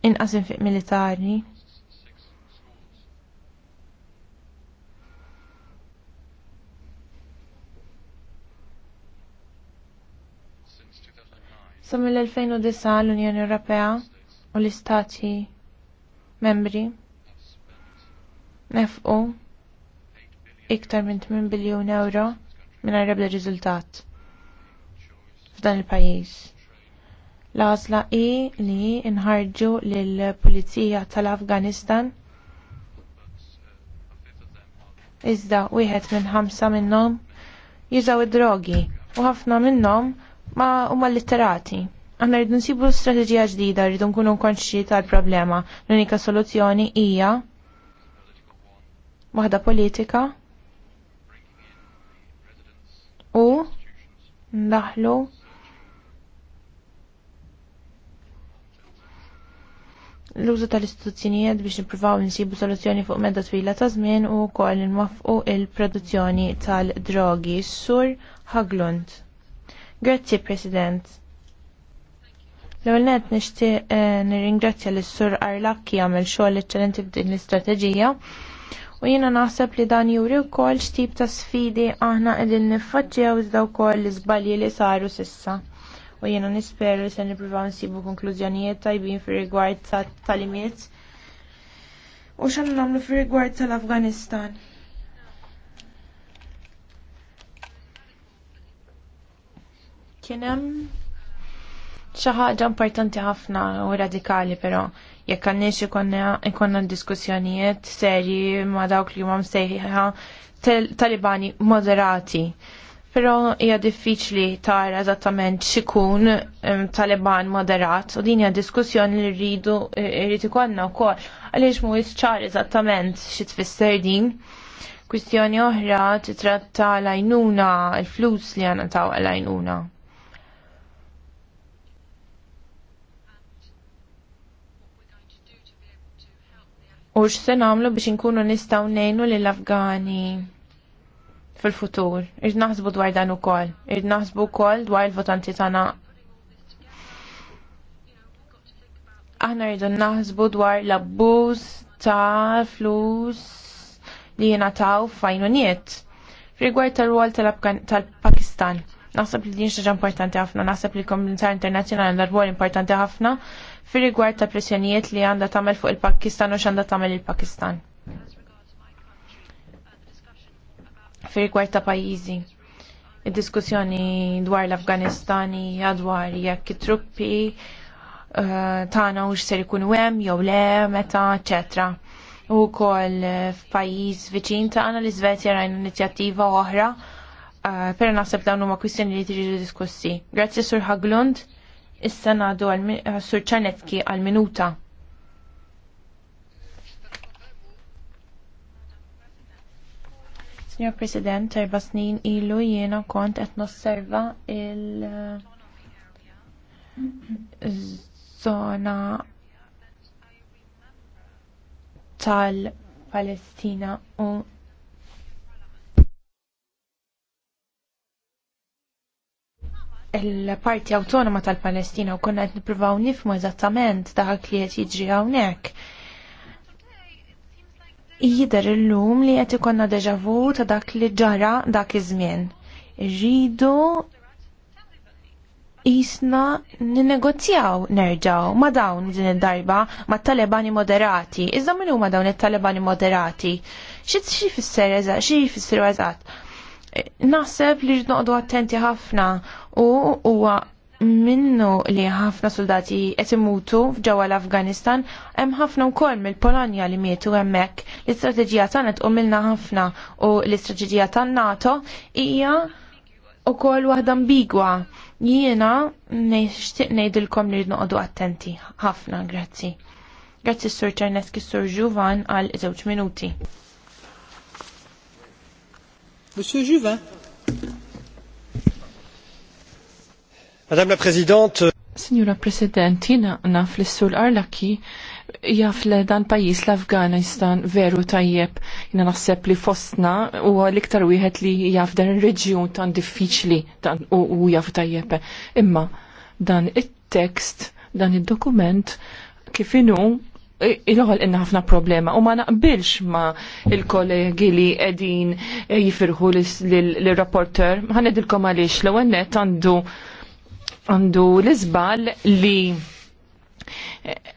inqas infiq militari. Sa mill-2009 l-Unjoni Ewropea u l-Istati membri nefqu iktar minn 8 biljun euro minn l riżultat f'dan il-pajjiż. L-għażla hi li nħarġu lill-Pulizija tal-Afganistan iżda wieħed minn ħamsa minnhom jużaw id-drogi u ħafna minnhom ma huma litterati. Aħna rridu nsibu strateġija ġdida, rridu nkunu konxi tal-problema. L-unika soluzzjoni hija waħda politika u ndaħlu l-użu tal-istituzzjonijiet biex nippruvaw nsibu soluzzjoni fuq medda twila ta' żmien u wkoll nwaffqu il-produzzjoni tal-drogi sur Haglund. Grazzi President. L-ewwel net nixtieq eh, nirringrazzja lis sur Arlakki għamel xogħol eċċellenti f'din l-istrateġija u jiena naħseb li dan juri wkoll x'tip ta' sfidi aħna qegħdin niffaċċjaw iżda wkoll l-iżbalji li saru sissa. U jiena nisperu li se nippruvaw nsibu konklużjonijiet tajbin fir-rigward tal-imiet u xan nagħmlu fir-rigward tal-Afganistan. Kien hemm xi ħaġa importanti ħafna u radikali però jekk għandniex ikonna diskussjonijiet serji ma' dawk li huma msejħa talibani moderati. Però hija diffiċli tara eżattament x'ikun Taliban moderat u din hija diskussjoni li rridu rrid ikollna wkoll għaliex mhuwiex ċar eżattament xi tfisser din. Kwistjoni oħra titratta l-għajnuna, l-flus li għana taw għal-għajnuna. u x'se nagħmlu biex inkunu nistgħu ngħinu lill afgani fil-futur. Irid naħsbu dwar dan ukoll. Irid naħsbu wkoll dwar il-votanti tagħna. Aħna rridu naħsbu dwar l-abbuż ta' flus li jingħataw f'għajnuniet rigward tal-rwol tal-Pakistan. tal rwol tal pakistan tal tal pakistan Naħseb li din xaġa importanti ħafna, naħseb li l-komunità internazzjonali għandha rwol importanti ħafna fir rigward ta' pressjonijiet li għandha tagħmel fuq il-Pakistan u x'għandha tagħmel il-Pakistan. Fir rigward ta' pajjiżi. Id-diskussjoni dwar l-Afganistani dwar jekk it-truppi eh, tagħna u x'ser ikunu hemm jew le meta, eċetera. U wkoll f'pajjiż viċin tagħna l-Iżvezja rajna inizjattiva oħra Ah, per naħseb dawn huma kwistjoni li tiġi diskussi. Grazzi Sur Haglund, issa ngħadu għal ah, Sur Ċanetki għal minuta. Signor President, erba snin ilu jiena kont qed nosserva il zona tal-Palestina u il-parti autonoma tal-Palestina u konna qed nippruvaw nifmu eżattament dak li qed jiġri hawnhekk. Jider illum li qed ikonna deja vu ta' dak li ġara dak iż-żmien. Irridu jisna ninegozjaw nerġaw ma dawn din id-darba ma talebani moderati. Iżda min huma dawn it-talebani moderati? Xi tfisser eżatt, xi jfisser eżatt? Naħseb li ġnoqdu attenti ħafna u huwa minnu li ħafna soldati qed imutu l-Afganistan hemm ħafna wkoll mill-Polonja li mietu hemmhekk. L-istrateġija tagħna tqumilna ħafna u l-istrateġija tan-NATO hija wkoll waħda ambigwa. Jiena nixtieq ngħidilkom li noqogħdu attenti ħafna, grazzi. Grazzi Sur Czerneski Sur Ġuvan għal żewġ minuti. Monsieur Juvin. Madame la Présidente. Signora President, jina naf li s-sul Arlaki jaf li dan pajis l-Afganistan veru tajjeb. Jina naħseb li fostna u l-iktar wieħed li jaf dan il-reġjun tan diffiċli u jaf tajjeb. Imma dan it-tekst, dan il-dokument kifinu il-ħol inna ħafna problema u ma naqbilx ma il-kollegi li edin jifirħu l-rapporter Ma nedilkom għalix l għennet għandu għandu l-izbal li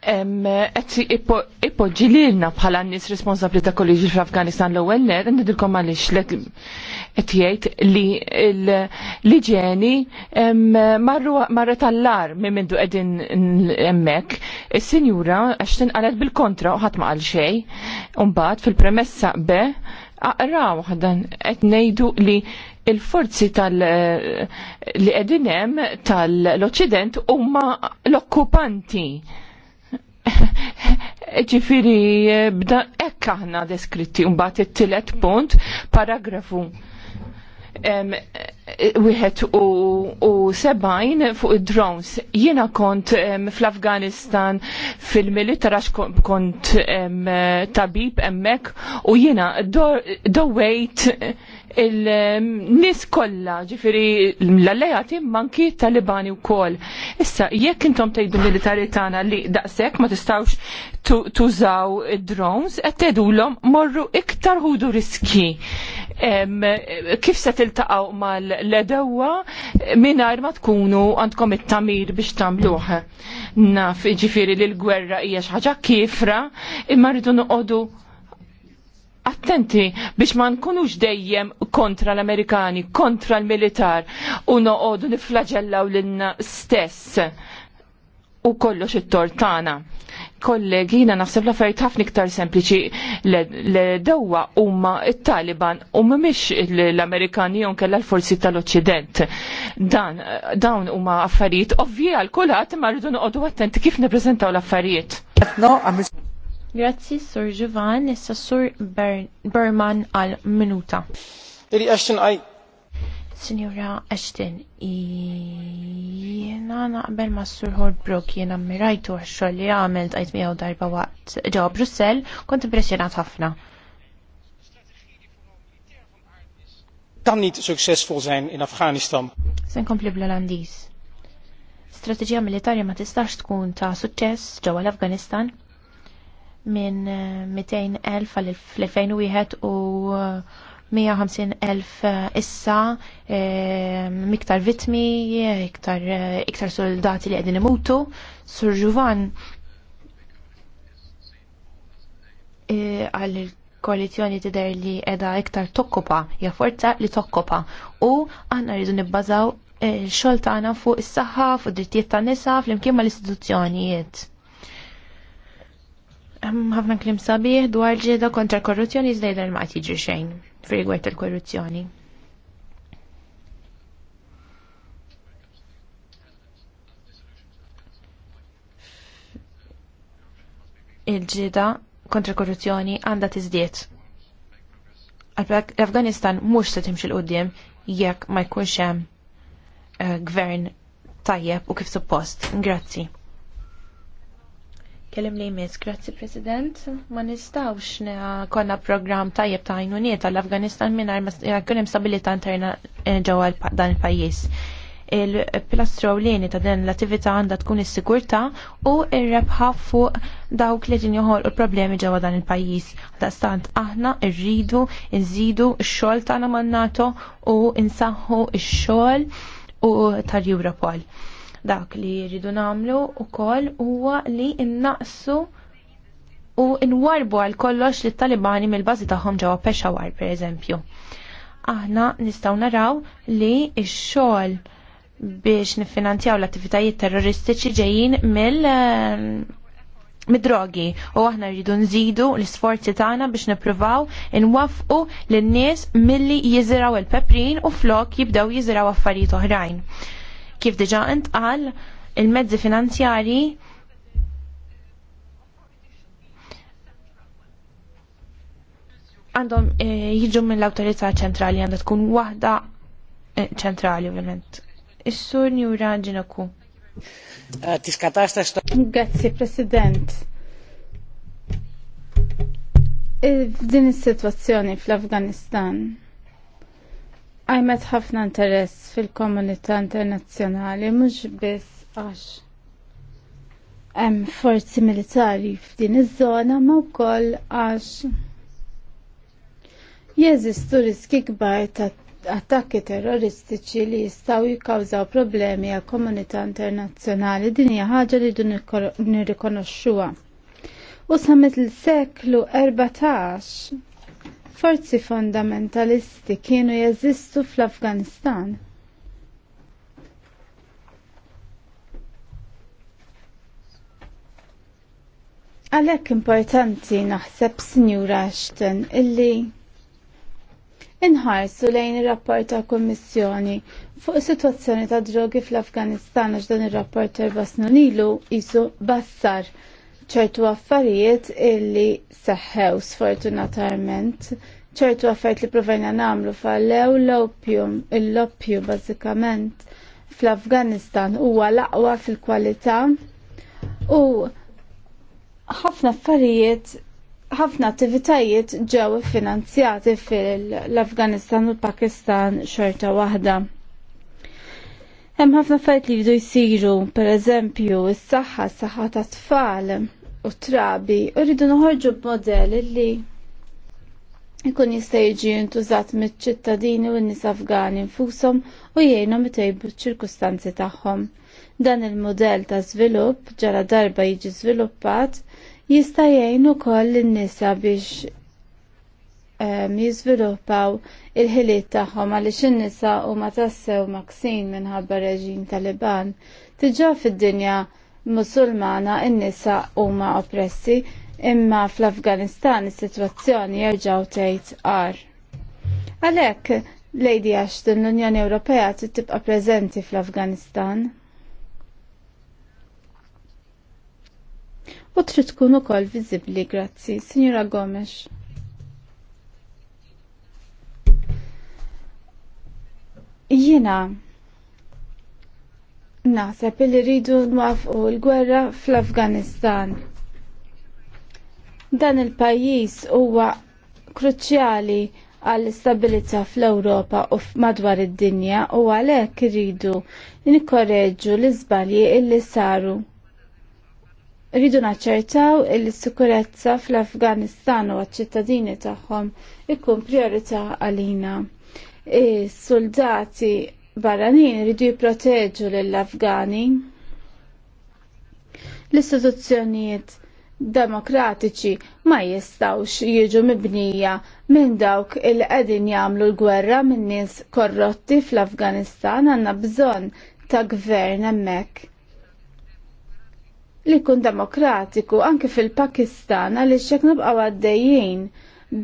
qed ipoġġi lilna bħala nies responsabbli ta' kolliġi fl-Afganistan l-ewwel net, għandilkom għaliex qed jgħid li l Ġeni marru tal-lar minn mindu qegħdin hemmhekk. il sinjura għax tinqalet bil-kontra u ħadd ma qal xejn. fil-premessa be, aqra waħda qed ngħidu li il-forzi tal- li edinem tal-Occident huma l-okkupanti. Ġifiri, bda ekk aħna deskritti, mbagħad it-tielet punt, paragrafu wieħed u sebajn fuq id-drones. Jiena kont fl-Afganistan fil-militar għax kont tabib hemmhekk u jiena dowejt il-nis kolla ġifiri l-allejati manki talibani u kol. Issa, jekk intom tejdu militari tana li daqsek ma tistawx tużaw drones, għettedu l-om morru iktar hudu riski. Kif se tiltaqaw mal-ledewa minar ma tkunu għandkom it-tamir biex tamluħ. Naf ġifiri li l-gwerra hija xi ħaġa kifra imma rridu noqogħdu attenti biex ma nkunux dejjem kontra l-Amerikani, kontra l-militar u noqogħdu niflagellaw l-inna stess u kollox it-tortana. Kollegi, jina naħseb l-affarijiet ħafna iktar sempliċi l-dewwa huma it-Taliban u mhumiex l-Amerikani jew kella l-forzi tal-Oċċident. Dan dawn huma affarijiet ovvji għal kulħadd imma rridu noqogħdu attenti kif nippreżentaw l-affarijiet. Grazzi, Sur Giovanni issa Sur Berman għal minuta. Lady Ashton, I... Signora Ashton, jena naqbel ma Sur Holbrook jena mirajtu għaxxol li għamilt għajt miegħu darba waqt ġewwa Brussell, kont impressjonat ħafna. kan niet succesvol zijn in Afghanistan. Sen kompli bl-Olandis. Strategija militarja ma tistax tkun ta' suċċess ġewwa l-Afganistan minn 200.000 eh, fl-2001 u 150.000 eh, eh, issa miktar vitmi, iktar, soldati li għedin imutu. Sur Ġuvan għal koalizjoni tider li edha iktar tokkopa, ja forza li tokkopa. U għanna rridu nibbazaw e, xoltana fuq is-saħħa, fuq drittijiet tan-nisa, fl-imkien mal-istituzzjonijiet ħafna klim sabiħ dwar ġieda kontra korruzzjoni zdejda ma tiġri xejn fir-rigward tal-korruzzjoni. Il-ġieda kontra korruzzjoni għandha tiżdied. L-Afganistan mhux se timxi qoddim jekk ma jkunx hemm eh, gvern tajjeb u kif suppost. Grazzi. Kellim li jmiss, grazzi President. Ma nistawx konna program tajjeb ta' jnuniet għall-Afganistan minna eh, kunem stabilita interna eh, ġewwa dan il-pajjiż. Il-pilastru ewlieni ta' din l-attività għandha tkun is-sigurtà u r-rebħa fuq dawk li ġin joħolqu problemi ġewwa dan il-pajjiż. stant aħna rridu nżidu x-xogħol ta' namannato u insaħħu x-xogħol u tal-Europol Dak li jridu namlu u koll huwa li innaqsu u inwarbu għal kollox li talibani mill-bazi tagħhom ġewwa Peshawar per eżempju. Aħna nistgħu naraw li x-xogħol biex niffinanzjaw l-attivitajiet terroristiċi ġejjin mill ehm, mid-drogi u aħna rridu nżidu l-isforzi tagħna biex nippruvaw inwaffqu l nies milli jiżraw il-peprin u flok jibdew jiżraw affarijiet oħrajn. Kif diġa intqal il-mezzi finanzjari għandhom eh, jiġu mill-autorità ċentrali għandha tkun waħda eh, ċentrali ovvjament. Is-sur Njura Ġinaku. Eh, Grazie President. F'din is-sitwazzjoni fl-Afganistan għajmet ħafna interess fil-komunità internazzjonali, mhux biss għax hemm forzi militari f'din iż-żona ma wkoll għax jeżistu riski kbar ta' attakki terroristiċi li jistgħu jikkawżaw problemi għal komunità internazzjonali din hija ħaġa li dun nirrikonoxxuha. U samet l-seklu 14 forzi fondamentalisti kienu jeżistu fl-Afganistan. Għalek importanti naħseb Sinjura Ashton illi inħarsu lejn ir-rapport ta' Kommissjoni fuq is-sitwazzjoni ta' drogi fl-Afganistan għax dan ir-rapport erba' snin jisu bassar ċertu affarijiet illi seħħew sfortunatament, ċertu affarijiet li provajna namlu fallew l-opium, l-oppju bazzikament fl-Afganistan huwa laqwa fil-kwalità u ħafna affarijiet ħafna attivitajiet ġew finanzjati fil-Afganistan u l-Pakistan xorta waħda. Hemm ħafna fajt li jridu jsiru, pereżempju, s saħħa s-saħħa ta' tfal u trabi, u rridu noħorġu b'modell li ikun jista' jiġi ntużat miċ-ċittadini u n-nies Afgani nfushom u jgħinhom itejbu ċ-ċirkustanzi tagħhom. Dan il-modell ta' żvilupp ġara darba jiġi żviluppat jista' jgħin ukoll lin-nisa biex jizviluppaw il-ħiliet tagħhom għaliex in-nisa huma tassew maksin minħabba reġim Taliban. Diġà fid-dinja Musulmana in-nisa huma oppressi, imma fl-Afganistan is-sitwazzjoni jerġgħu tgħid qar. Għalhekk, Lady Ashton, l-Unjoni Ewropea trid tibqa' preżenti fl-Afganistan. U trid tkun ukoll viżibbli, grazzi, Sinjura Gomes. Jiena naħseb li rridu nwafqu l-gwerra fl-Afganistan. Dan il-pajjiż huwa kruċjali għall istabilità fl-Ewropa u madwar id-dinja u għalhekk irridu nikkoreġġu l-iżbalji illi saru. Rridu naċċertaw s sikurezza fl-Afganistan u għaċ-ċittadini tagħhom ikun priorità għalina soldati barranin ridu jipproteġu lill-Afgani. L-istituzzjonijiet demokratiċi ma jistawx jiġu mibnija minn dawk il qegħdin jagħmlu l-gwerra minn nies korrotti fl-Afganistan għandna bżonn ta' gvern hemmhekk li kun demokratiku anke fil-Pakistan għaliex jekk nibqgħu għaddejjin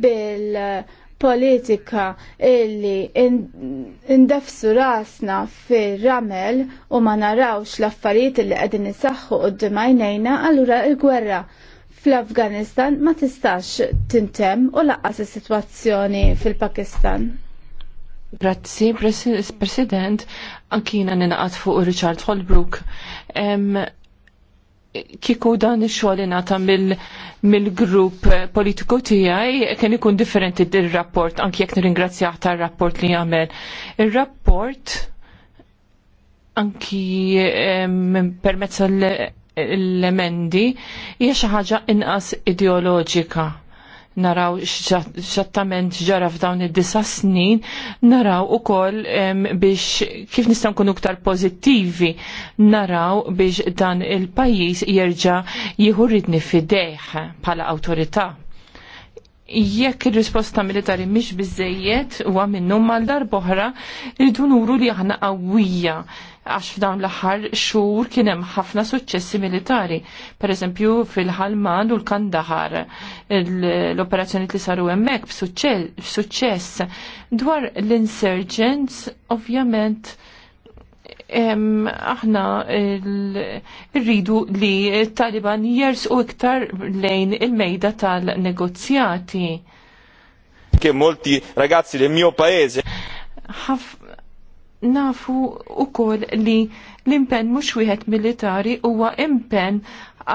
bil- uh, politika illi indefsu rasna fil-ramel u ma narawx l-affarijiet illi qegħdin u d-dimajnejna allura l-gwerra fl-Afganistan ma tistax tintem u laqqas is-sitwazzjoni fil-Pakistan. Grazzi, President, ankina ninaqat fuq Richard Holbrook. Kiku dan ix-xogħol ingħata mill- mill-grupp politiku tiegħi kien ikun differenti dir-rapport anki jekk nirringrazzjah tar-rapport li jgħamil. Ir-rapport anki permezz l-emendi hija xi ħaġa inqas ideoloġika naraw xattament ġara f'dawn id-disa snin, naraw u koll biex kif nistan kunu ktar pozittivi, naraw biex dan il-pajis jerġa jihurridni fideħ pala autorita. Jekk il-risposta militari mhix biżejjed huwa minnhom mal boħra, irridu nuru li aħna qawwija għax f'dawn l-aħħar xhur kien hemm ħafna suċċessi militari. Pereżempju fil-Ħalman u l-Kandahar l operazzjoni li saru hemmhekk b'suċċess. Dwar l-insurgents ovvjament aħna rridu li taliban jers u iktar lejn il-mejda tal-negozjati. Kemm molti ragazzi del mio paese nafu u kol li l-impen mux wieħed militari huwa impen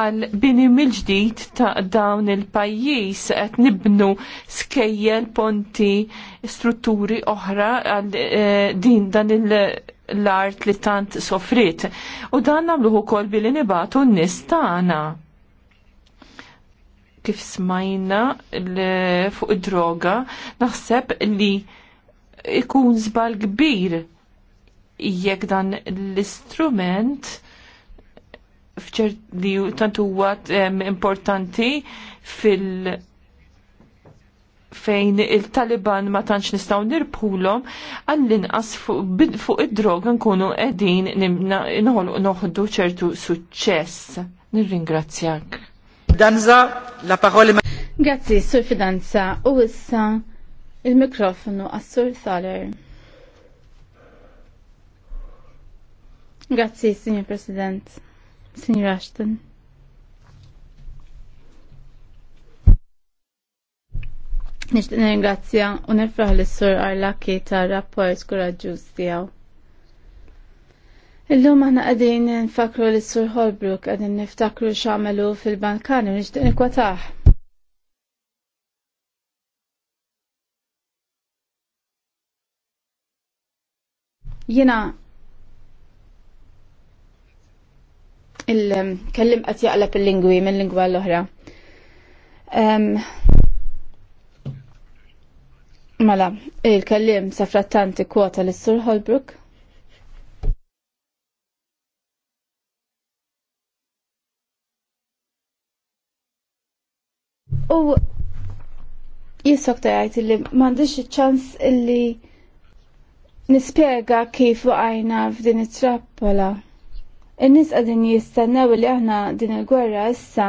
għal bini milġdid ġdid ta' dawn il-pajjiż qed nibnu skejjel ponti strutturi oħra għal eh, din dan il- l-art li tant sofrit. U dan nagħmluh ukoll billi nibatu n-nies tagħna. Kif smajna fuq id-droga, naħseb li ikun żball kbir jekk dan l-istrument fċert li tant huwa importanti fil- fejn il-Taliban ma tantx nistgħu nirbħulhom għall-inqas fuq id-droga nkunu qegħdin noħdu ċertu suċċess. Nirringrazzjak. Danza, la parola Grazzi, Sur Fidanza, u issa il-mikrofonu għas-Sur Thaler. Grazzi, Signor President, Signor Ashton. Nishtiq nirringrazzja u nifraħ l sur Arlaki tar rapport kuraġġuż tiegħu. Illum aħna qegħdin nfakru l sur Holbrook qegħdin niftakru x'għamelu fil-Balkani u nixtieq nikwataħ. Jiena il-kellim qed jaqleb il-lingwi minn lingwa l-oħra. Mela, il-kellim sa frattanti kwota l sur Holbrook. U jissok tajajt li mandiċ ċans illi nispiega kif għajna f'din it-trappola. In-nies jistennaw jistennew li aħna din il-gwerra issa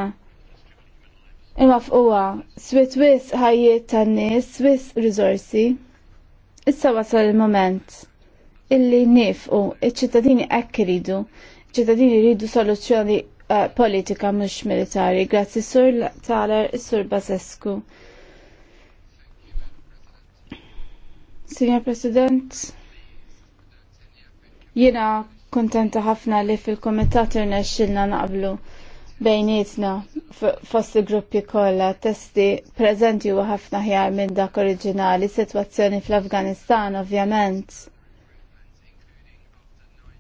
imma f'uwa swit wis ħajiet tan-nies, wis rizorsi. Issa wasal il-moment illi nifqu iċ-ċittadini hekk iridu, ċittadini jridu soluzzjoni eh, politika mhux militari. Grazzi sur Taler, sur Basescu. Signor President, jiena kontenta ħafna li fil-komitat irnexxilna naqblu bejnietna fost il-gruppi kollha testi preżenti huwa ħafna ħjar minn dak oriġinali sitwazzjoni fl-Afganistan ovvjament.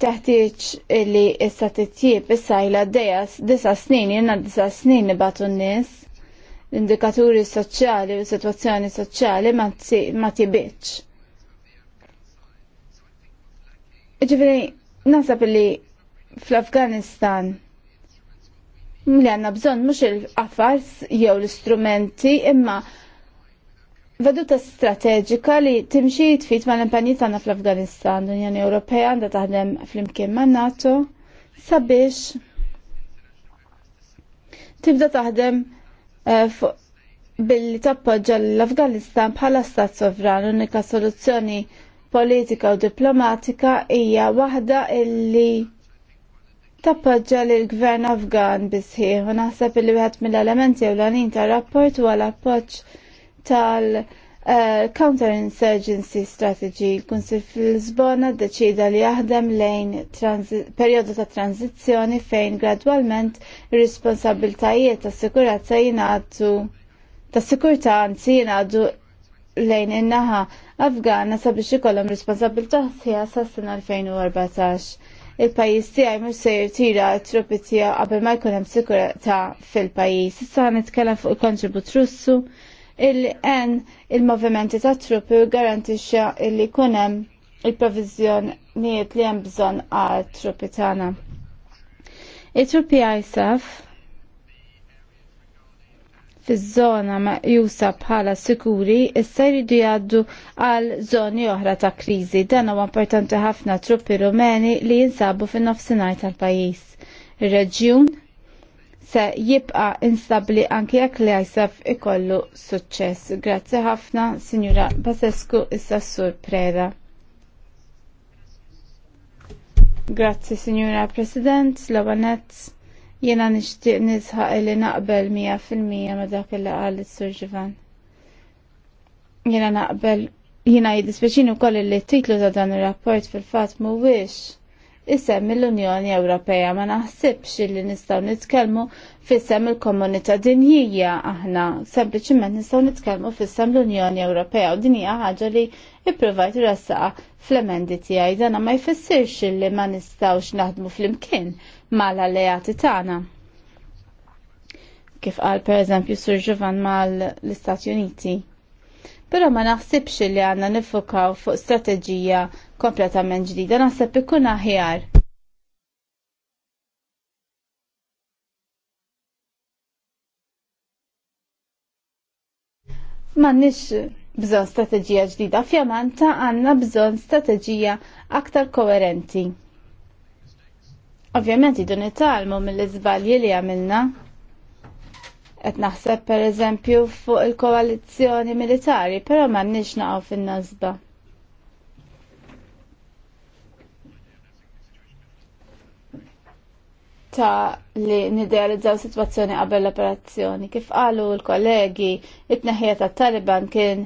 Teħtieġ li issa titjib issa ila dejja disa snin, jiena disa snin nibatu n-nies l-indikaturi soċjali u situazzjoni soċjali ma tibitx. Nasab li fl-Afganistan li għanna bżon mux il-affars jew l-istrumenti imma veduta strateġika li timxi tfit ma l-impanji tagħna fl-Afganistan, l-Unjoni Ewropea għandha taħdem fl-imkien ma' NATO sabiex tibda taħdem eh, billi tappoġġa l-Afganistan bħala stat sovran, l-unika soluzzjoni politika u diplomatika hija waħda illi tappoġġa lil gvern Afgan bisħiħ u naħseb illi wieħed mill-elementi ewlenin tar-rapport huwa l-appoġġ tal- eh, Counterinsurgency Strategy l-Kunsil fil-Lisbona deċida li jaħdem lejn perjodu ta' tranzizzjoni fejn gradwalment ir-responsabiltajiet tas sikurezza jingħaddu ta' sikurtà anzi jingħaddu lejn in-naħa Afgana sabiex ikollhom responsabilta sħiħa sas-sena 2014. Il-pajjiż tiegħi mhux se jirtira t-truppi tiegħu qabel ma jkun hemm sikurità fil-pajjiż. Issa nitkellem fuq il-kontribut Russu illi għen il-movimenti ta' truppi u garantixxa illi jkun hemm il-provizjonijiet li hemm bżonn għal truppi tagħna. Il-truppi ISAF fiż-żona meqjusa bħala sikuri issa jridu jgħaddu għal żoni oħra ta' kriżi. Dan huwa importanti ħafna truppi rumeni li jinsabu fin-nofsinhar tal-pajjiż. Ir-reġjun se jibqa' instabli anke jekk li jsaf ikollu suċċess. Grazzi ħafna, Sinjura Basescu issa Sur Preda. Grazzi, Sinjura President, Slovenet. Jena nishtiq nisħaq li naqbel 100% ma dak li għal sur ġivan. Jena naqbel, jena jidispeċinu koll li t-titlu ta' dan il-rapport fil-fat mu wix isem l-Unjoni Ewropea ma naħsibx li nistgħu nitkellmu fissem il-komunità dinjija aħna sempliċiment nistgħu nitkellmu fissem l-Unjoni Ewropea u din hija ħaġa li ippruvajt rassaqa fl-emendi tiegħi dana ma jfissirx li ma nistgħux naħdmu flimkien mal-alleati tagħna. Kif qal pereżempju Sur Ġovan mal-Istati Uniti. Però ma naħsibx li għandna nifokaw fuq strateġija kompletament ġdida naħseb ikun aħjar. M'għandniex bżonn strateġija ġdida fjamanta għandna bżonn strateġija aktar koherenti. Ovvjament it-talmu mill-iżbalji li għamilna. Qed naħseb pereżempju fuq il-koalizzjoni militari, però m'għandniex naqgħu fin-nazba. ta' li nidealizzaw situazzjoni qabel l-operazzjoni. Kif qalu l-kollegi, it-neħija ta' Taliban kien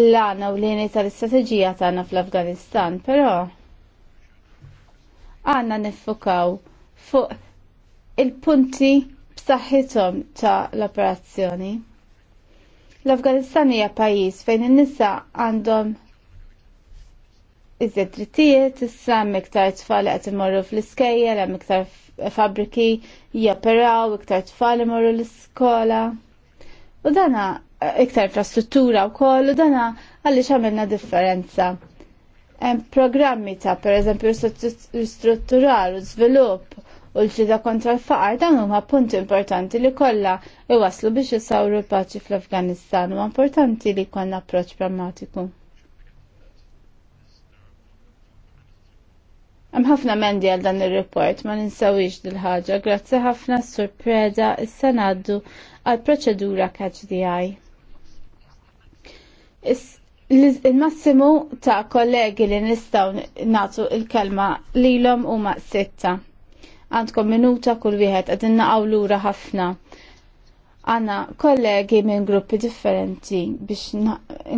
l-għana u l-lini tal-istrateġija tagħna fl-Afganistan, però għanna nifukaw fuq il-punti b'saħħithom ta' l-operazzjoni. L-Afganistan hija pajjiż fejn in-nisa għandhom iżed drittijiet, issa hemm iktar tfal qed imorru fl-iskejjel, hemm iktar fabriki japeraw, iktar tfal imorru l-iskola. U dana iktar infrastruttura u koll, u dana għalli xamilna differenza. Hemm programmi ta' per eżempju ristrutturar u żvilupp u l-ġida kontra l-faqar dan huma punti importanti li kollha iwaslu biex isawru l-paċi fl-Afganistan u importanti li jkollna approċċ prammatiku. Hemm ħafna mendi għal dan ir-report ma ninsawix dil-ħaġa grazzi ħafna sur preda issa ngħaddu għal proċedura KHDI. Il-massimu ta' kollegi li nistgħu nagħtu il-kelma lilhom huma sitta. Għandkom minuta kull wieħed qed innaqgħu lura ħafna. Għanna kollegi minn gruppi differenti biex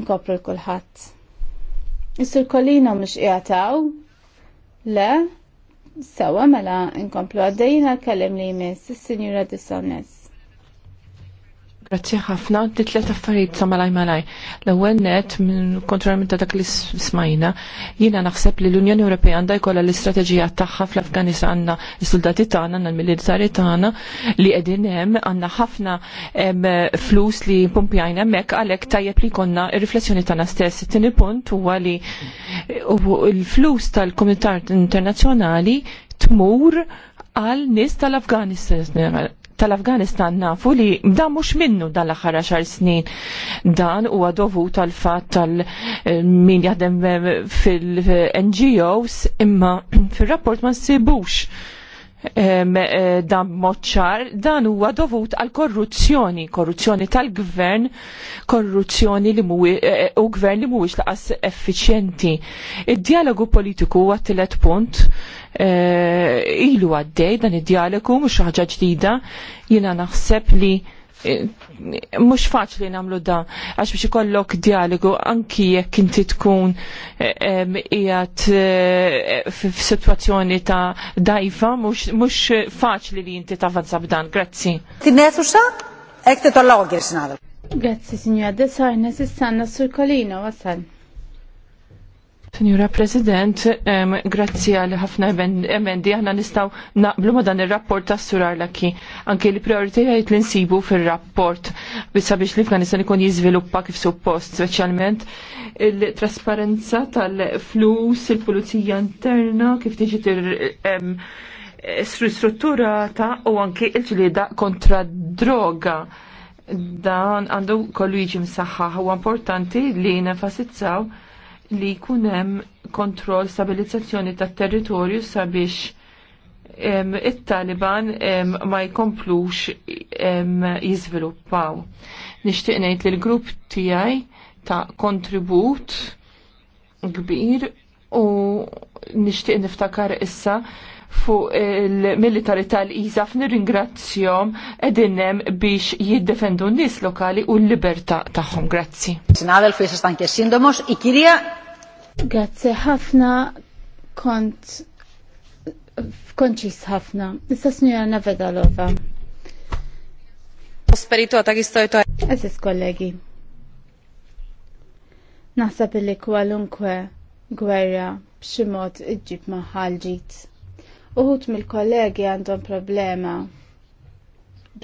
inkopru l-kulħadd. Is-sur kollina mux qiegħu Le, sawa mela inkomplu għaddejna kellim li jmiss, il-Sinjura Dissones. Grazie ħafna, di tlet affarijiet sa malaj malaj. L-ewwel net minn kontrarment ta' dak li smajna, jiena naħseb li l-Unjoni Ewropea għandha jkollha l-istrateġija tagħha fl-Afganistan għandna s-soldati tagħna, għandna l-militari tagħna li qegħdin hemm għandna ħafna flus li pumpjajna hemmhekk għalhekk tajjeb li konna ir-riflessjoni tagħna stess. Tieni punt huwa li l-flus tal-Kumitat Internazzjonali tmur għal nies tal-Afganistan tal-Afganistan nafu li dan mhux minnu dan l-aħħar xar snin. Dan huwa dovut tal-fatt tal-min eh, jaħdem eh, fil-NGOs imma fir-rapport ma s-sibux Eh, dan moċċar, dan huwa dovut għal korruzzjoni, korruzzjoni tal-gvern, korruzzjoni li mu, eh, eh, u gvern li mhuwiex laqas effiċjenti. Id-dialogu politiku huwa tielet punt ilu għaddej dan id-dialogu mhux ħaġa ġdida, jiena naħseb li Eh, mhux faċli nagħmlu da għax biex ikollok dialogu anki jekk inti tkun f eh, f'sitwazzjoni ta' dajfa mhux faċli li inti tavanza b'dan. Grazzi. Tinnetuxa? Ek titollu għagħir Grazzi, signora Desarnes, istanna sur kolino, wasan. Signora President, grazzi għal ħafna emendi aħna nistaw naqblu ma dan ir-rapport ta' surar laki. Anke li prioritajiet li nsibu fir-rapport bissa biex l-Afganistan ikun jiżviluppa kif suppost, speċjalment il-trasparenza tal-flus, il-pulizija interna, kif tiġi strutturata u anke il-ġlieda kontra droga dan għandu kollu jiġi msaħħa. Huwa importanti li nenfasizzaw li jkun hemm kontroll stabilizzazzjoni tat-territorju sabiex it-Taliban ma jkomplux jizviluppaw. Nixtieq ngħid li l-grupp tiegħi ta' kontribut kbir u nixtieq niftakar issa fuq il-militari tal-Iżaf nirringrazzjom edinnem biex jiddefendu n-nis lokali u l-libertà tagħhom. Grazzi. Sinadel stanke sindomos, Grazzi ħafna kont konċis ħafna. Issa snija Navedalova. Prosperito ta' gistojto. Eżis kollegi. Naħseb li kwalunkwe gwerra b'xi mod iġġib maħħalġit. Uħut mill-kollegi għandhom problema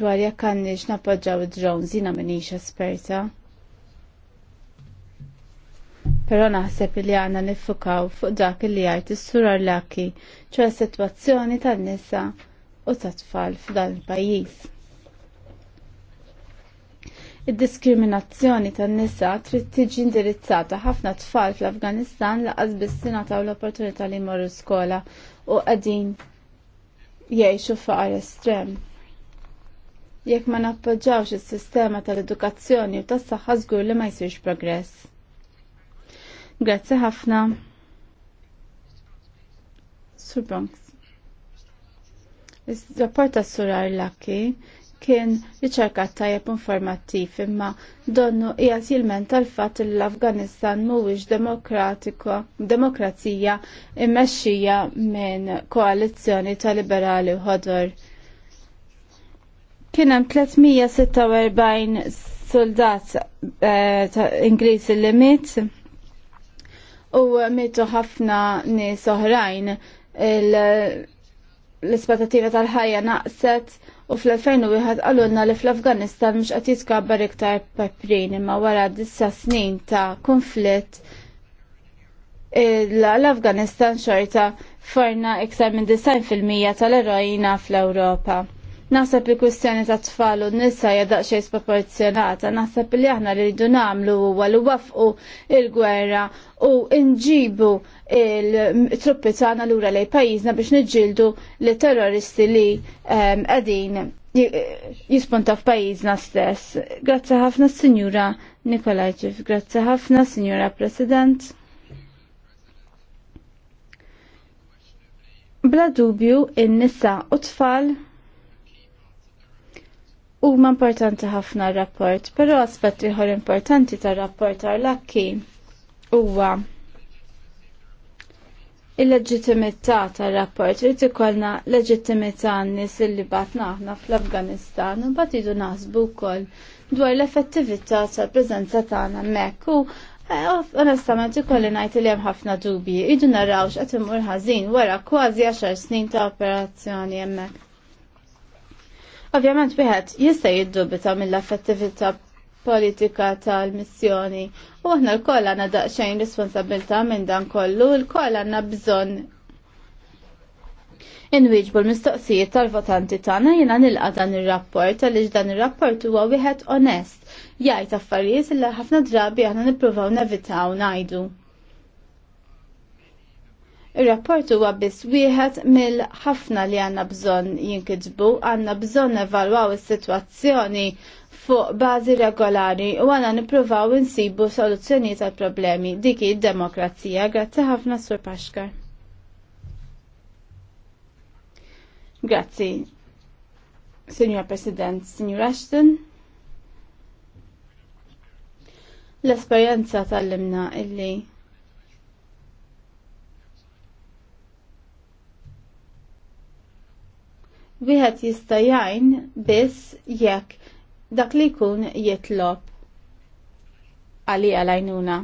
dwar jekk għandix nappoġġaw id-drones, jina minix esperta pero naħseb li għanna nifukaw fuq dak li għajt s surar laki ċoħ situazzjoni tan-nisa u tat-tfal f'dan il-pajjiż. Id-diskriminazzjoni tan-nisa trid tiġi indirizzata ħafna tfal fl-Afganistan laqas bissina taw l-opportunità li jmorru skola u qegħdin jgħixu faqar estrem jekk ma nappoġġawx is-sistema tal-edukazzjoni u tas-saħħa żgur li ma jsirx progress. Grazzi ħafna. Sur Bronx. Il-rapport ta' Surar Laki kien riċerkat tajjeb informattiv imma donnu hija tal-fatt li l-Afganistan mhuwiex demokratiko demokrazija immexxija minn koalizzjoni ta' liberali u ħodor. Kien hemm 346 soldat eh, Ingliż li u mitu ħafna nies oħrajn l-ispettativa tal-ħajja naqset u fl-2001 għalunna li fl-Afganistan mhux qed jitkabbar iktar paprin imma wara dissa snin ta' konflitt l-Afganistan xorta forna iktar minn 90% tal-erojina fl-Ewropa. Naħseb li kwistjoni ta' tfal u nisa jadaq xej sproporzjonata, naħseb li aħna li rridu nagħmlu huwa li wafqu il-gwerra u nġibu il-truppi tagħna lura lejn pajjiżna biex niġġieldu li terroristi li ehm, qegħdin jispunta f'pajjiżna stess. Grazzi ħafna Sinjura Nikolajġif, grazzi ħafna Sinjura President. Bla dubju in-nisa u tfal huma importanti ħafna r-rapport, però aspett ieħor importanti tar-rapport lakki huwa il leġitimità tar-rapport irid ikollna leġittimità n-nies illi batna fl-Afganistan u bat idu naħsbu wkoll dwar l-effettività tal-preżenza tagħna hemmhekk u eh, onestament ikolli ngħid li hemm ħafna dubji idu narawx qed urħazin ħażin wara kważi għaxar snin ta' operazzjoni hemmhekk. Ovvjament wieħed jista' jiddubita mill-affettività politika tal-missjoni u aħna l-koll għanna daqsxejn responsabilità minn dan kollu, l-koll għandna bżonn Inwiġbu l-mistoqsijiet tal-votanti tagħna jiena nilqa' dan ir-rapport għaliex dan ir-rapport huwa wieħed onest jgħid affarijiet li ħafna drabi aħna nippruvaw nevitaw ngħidu. Ir-rapport huwa biss wieħed mill-ħafna li għandna bżonn jinkitbu, għandna bżonn evalwaw is-sitwazzjoni fuq bażi regolari u għanna nippruvaw insibu soluzzjoni tal-problemi. Dik id-demokrazija, grazzi ħafna Sur Paxkar. Grazzi. Signor President, Signor Ashton. L-esperjenza tal-limna illi wieħed jista' jgħin biss jekk dak li jkun jitlob għalija għajnuna.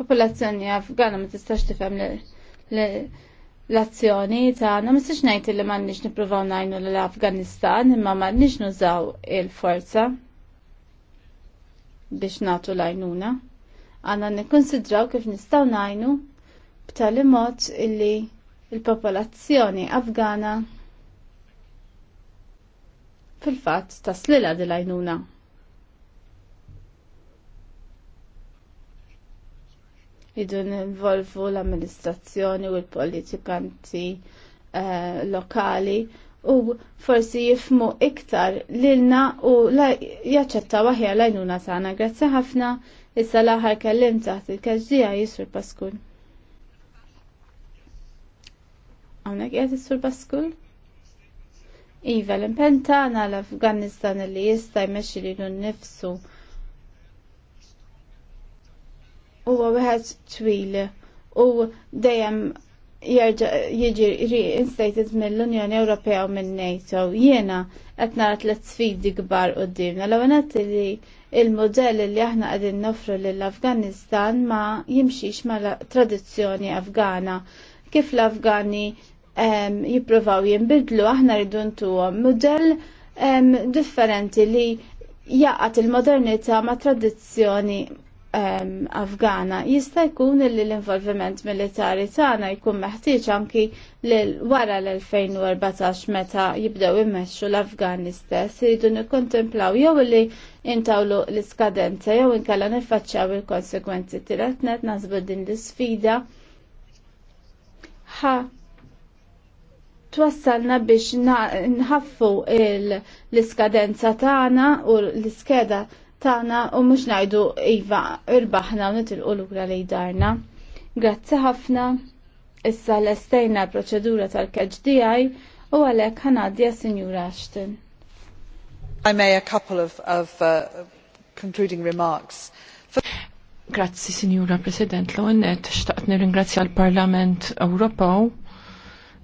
Popolazzjoni Afgana ma tistax tifhem l-azzjoni tagħna ma tistax ngħid li m'għandniex nippruvaw ngħinu l-Afganistan imma m'għandniex nużaw il-forza biex nagħtu l-għajnuna. Għandna nikkonsidraw kif nistgħu ngħinu b'tali mod illi il-popolazzjoni Afgana fil-fatt taslilha dil-għajnuna. Idu involvu l-amministrazzjoni u l-politikanti eh, lokali u forsi jifmu iktar lilna u jaċċetta waħja l-għajnuna tagħna. Grazzi ħafna issa l-aħħar kellim taħt il-kaġġija jisfir Paskun. Għonek jgħet sur baskull? Iva l impentana l-Afganistan li jista jmexxi li l-nifsu. U għawihet twil. U dejjem jieġi reinstated mill-Unjoni Ewropea u minn NATO. Jiena qed nara tliet sfidi kbar qudiemna. L-ewwel li il-modell li aħna qegħdin nofru lill-Afganistan ma jimxix mal tradizzjoni Afgana kif l-Afgani jippruvaw jinbidlu, aħna rridu ntuhom mudell differenti li jaqat il-modernità ma' tradizzjoni Afgana. Jista' jkun li l-involviment militari tagħna jkun meħtieġ anki wara l-2014 meta jibdew immexxu l-Afgan istess iridu nikkontemplaw jew li intawlu l-iskadenza jew inkella nifaċċaw il-konsekwenzi tiret nasbu din l-isfida ħa twassalna biex nħaffu l-iskadenza tagħna u l-iskeda tagħna u mhux ngħidu iva irbaħna u nitilqu lura li darna. Grazzi ħafna. Issa l-estejna l-proċedura tal-KHDI u għalhekk ħanadja Sinjur Ashton. I may a couple of, of uh, concluding remarks. For Grazzi, Sinjura President. l xtaqt nirringrazzja l-Parlament Ewropew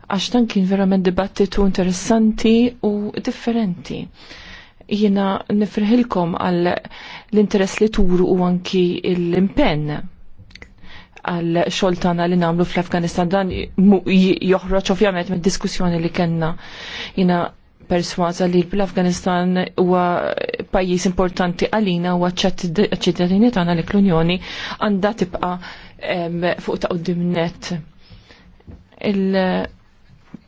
għax dan kien verament dibattitu interessanti u differenti. Jiena nifrħilkom għal l-interess li turu u anki l-impenn għal xoltana li namlu fl-Afganistan dan joħroċ ovvjament mid diskussjoni li kena jina perswaza li l-Afganistan huwa pajjiż importanti għalina u għacċittadini tagħna li l-Unjoni għandha tibqa' fuq ta' net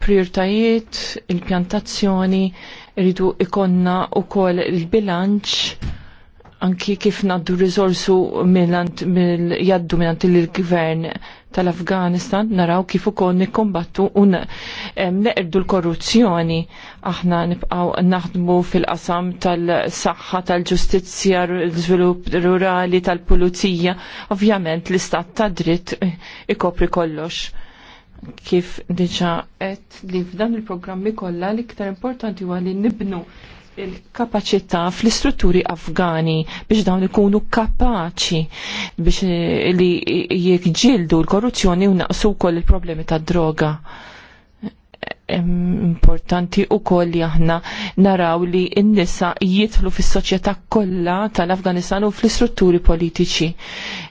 il-prioritajiet, il-pjantazzjoni, rridu ikonna u kol il-bilanċ anki kif naddu rizorsu mill-jaddu mill il-gvern tal-Afganistan naraw kif ukoll nikkombattu un neqrdu l-korruzzjoni. Aħna nibqgħu naħdmu fil-qasam tal-saħħa, tal-ġustizzja, l-żvilupp rurali, tal-pulizija, ovvjament l-istat ta' dritt ikopri kollox kif diġa qed li f'dan il-programmi kollha l-iktar importanti huwa li nibnu il-kapacità fl-istrutturi afgani biex dawn ikunu kapaċi biex li jekġildu l-korruzzjoni u naqsu kol il-problemi ta' droga importanti u koll li aħna naraw li n-nisa jitlu fis soċjetà kollha tal-Afganistan u fl-istrutturi politiċi.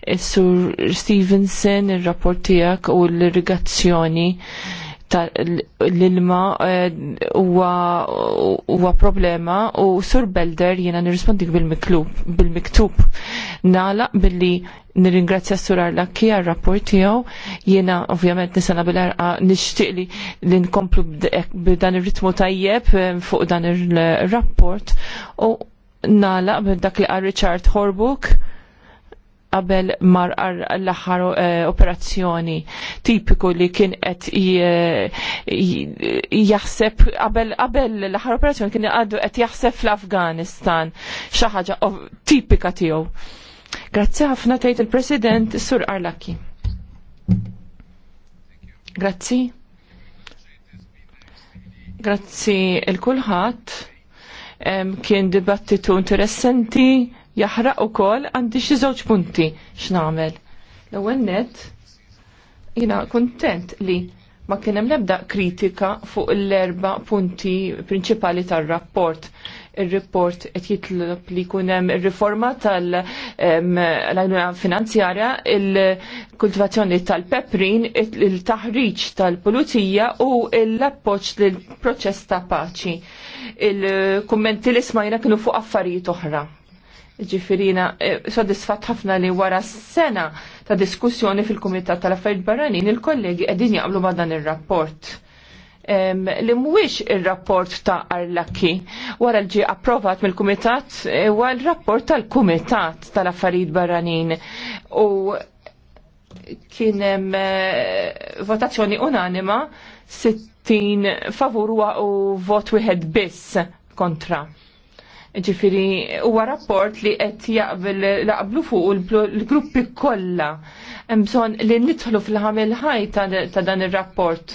Eh, Sur Stevenson, ir rapport tiegħek u l-irrigazzjoni l-ilma eh, huwa problema u sur Belder jiena nirrispondik bil-miktub. Nala billi nirringrazzja sur Arlakki għal rapport tiegħu jiena ovvjament nisana bil-arqa nixtieq li nkomplu b'dan ir-ritmu tajjeb eh, fuq dan ir-rapport u nala bil dak li għal Richard Horbuk qabel mar l-aħħar eh, operazzjoni tipiku li kien qed eh, jaħseb qabel qabel l-aħħar operazzjoni kien għadu qed jaħseb fl-Afganistan xi ħaġa tipika tiegħu. Grazzi ħafna tgħid il-President Sur Arlaki. Grazzi. Grazzi il-kulħadd. Kien dibattitu interessanti jaħraq ukoll għandi xi żewġ punti x'nagħmel. L-ewwel net jiena kuntent li ma kien hemm l-ebda kritika fuq l-erba punti prinċipali tar-rapport il-report qed jitlob li jkun hemm ir-riforma tal-għajnuna finanzjarja, il-kultivazzjoni tal-peprin, il-taħriġ tal-pulizija u l-appoġġ lill proċess ta' paċi. Il-kummenti li smajna kienu fuq affarijiet oħra. Ġifirina, eh, soddisfat ħafna li wara sena ta' diskussjoni fil-Kumitat tal-Affarijiet Barranin il-kollegi qegħdin jaqblu ma' dan ir-rapport. li mhuwiex ir-rapport ta' Arlaki wara l ġi approvat mill-Kumitat eh, huwa l-rapport tal-Kumitat tal-Affarijiet Barranin u kien hemm eh, votazzjoni unanima 60 favur u vot wieħed biss kontra. Ġifiri, huwa rapport li qed jaqbel laqblu fuq il-gruppi kollha. Hemm bżonn li nidħlu fil-ħamil ħaj ta' dan ir-rapport.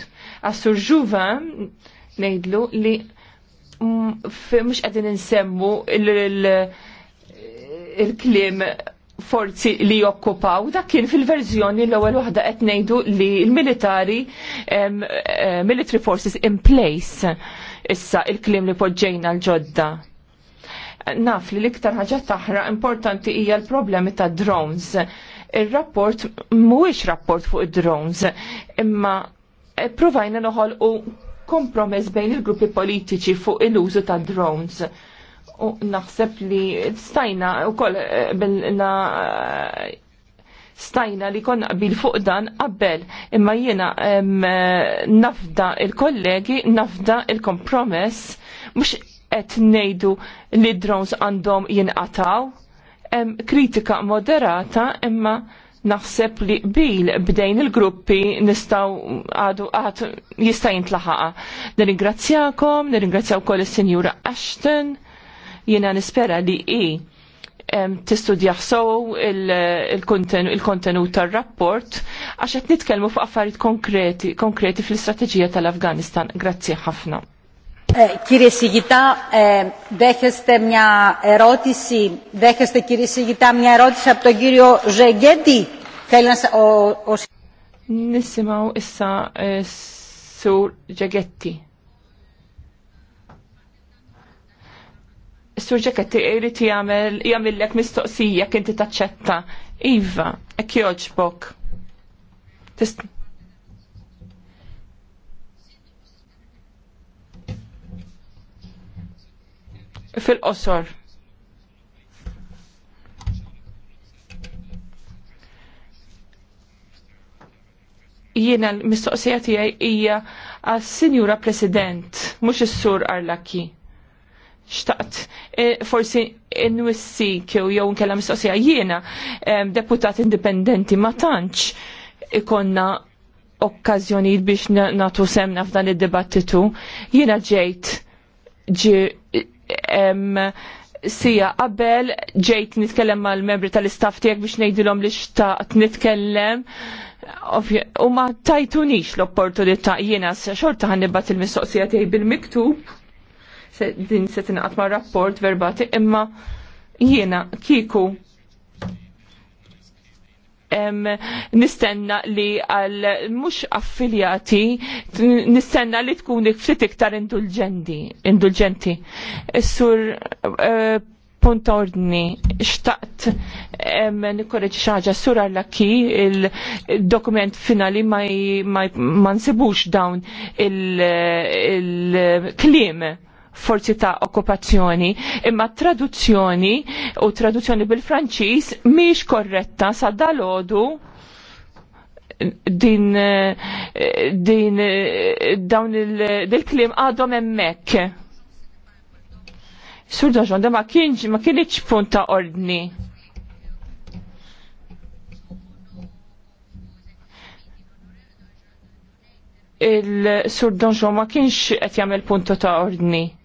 Assur ġuva ngħidlu li mhux qegħdin insemmu il-kliem forzi li jokkupaw, dak kien fil-verżjoni l-ewwel waħda qed ngħidu li l-militari eh, military forces in place issa il-klim li poġġejna l-ġodda naf li l-iktar ħaġa taħra importanti hija l-problemi ta' drones. Il-rapport mhuwiex rapport fuq id-drones, imma provajna noħol u kompromess bejn il-gruppi politiċi fuq il-użu ta' drones. U naħseb li stajna u koll eh, bilna stajna li konna qabil fuq dan qabel imma jiena eh, nafda il-kollegi, nafda il-kompromess, mux qed ngħidu li drones għandhom jinqataw. Hemm kritika moderata imma naħseb li bil bdejn il-gruppi nistaw għadu għad jista' jintlaħaqa. Nirringrazzjakom, nirringrazzjaw kol is-Sinjura Ashton, jiena nispera li i tistudja sow il-kontenut tar-rapport għax qed nitkellmu fuq affarijiet konkreti, konkreti fl-istrateġija tal-Afganistan. Grazzi ħafna. Κύριε Σιγητά, δέχεστε μια ερώτηση, δέχεστε κύριε Σιγητά μια ερώτηση από τον κύριο Ζεγκέντη. Θέλει να... Ο, ο... Νησιμάω issa Sur Ġegetti. Sur Ġegetti irrit jagħmel jagħmillek mistoqsija kien taċċetta. Iva, ek joġbok. Tista' fil-qosor. jiena l-mistoqsija tiegħi hija għas-Sinjura President, mhux is-Sur Arlaki. Xtaqt, e, forsi nwissik kew jew nkella mistoqsija jiena e, deputat indipendenti ma tantx ikonna okkażjonijiet biex nagħtu semna f'dan id-dibattitu. Jiena ġejt ġi sija qabel ġejt nitkellem mal membri tal-istaff tiegħek biex ngħidilhom li xtaqt nitkellem u ma tajtunix l-opportunità jiena xorta ħannibat il-mistoqsija tiegħi bil-miktub din se tinqat mar rapport verbati imma jiena kiku nistenna li għal mhux affiljati nistenna li tkun ftit iktar indulġenti. indulġenti. Sur uh, eh, punt ordni, xtaqt nikorreġi xaġa sura l il-dokument finali ma, nsibux dawn il-klim. Il forzi ta' okkupazzjoni, imma traduzzjoni u traduzzjoni bil-Franċiż mhix korretta sa dalodu din din dawn il-klim għadhom hemmhekk. Sur Daġon, da ma kienx ma kienx punt ta' ordni. il-sur Donjon ma kienx qed jagħmel punto ta' ordni.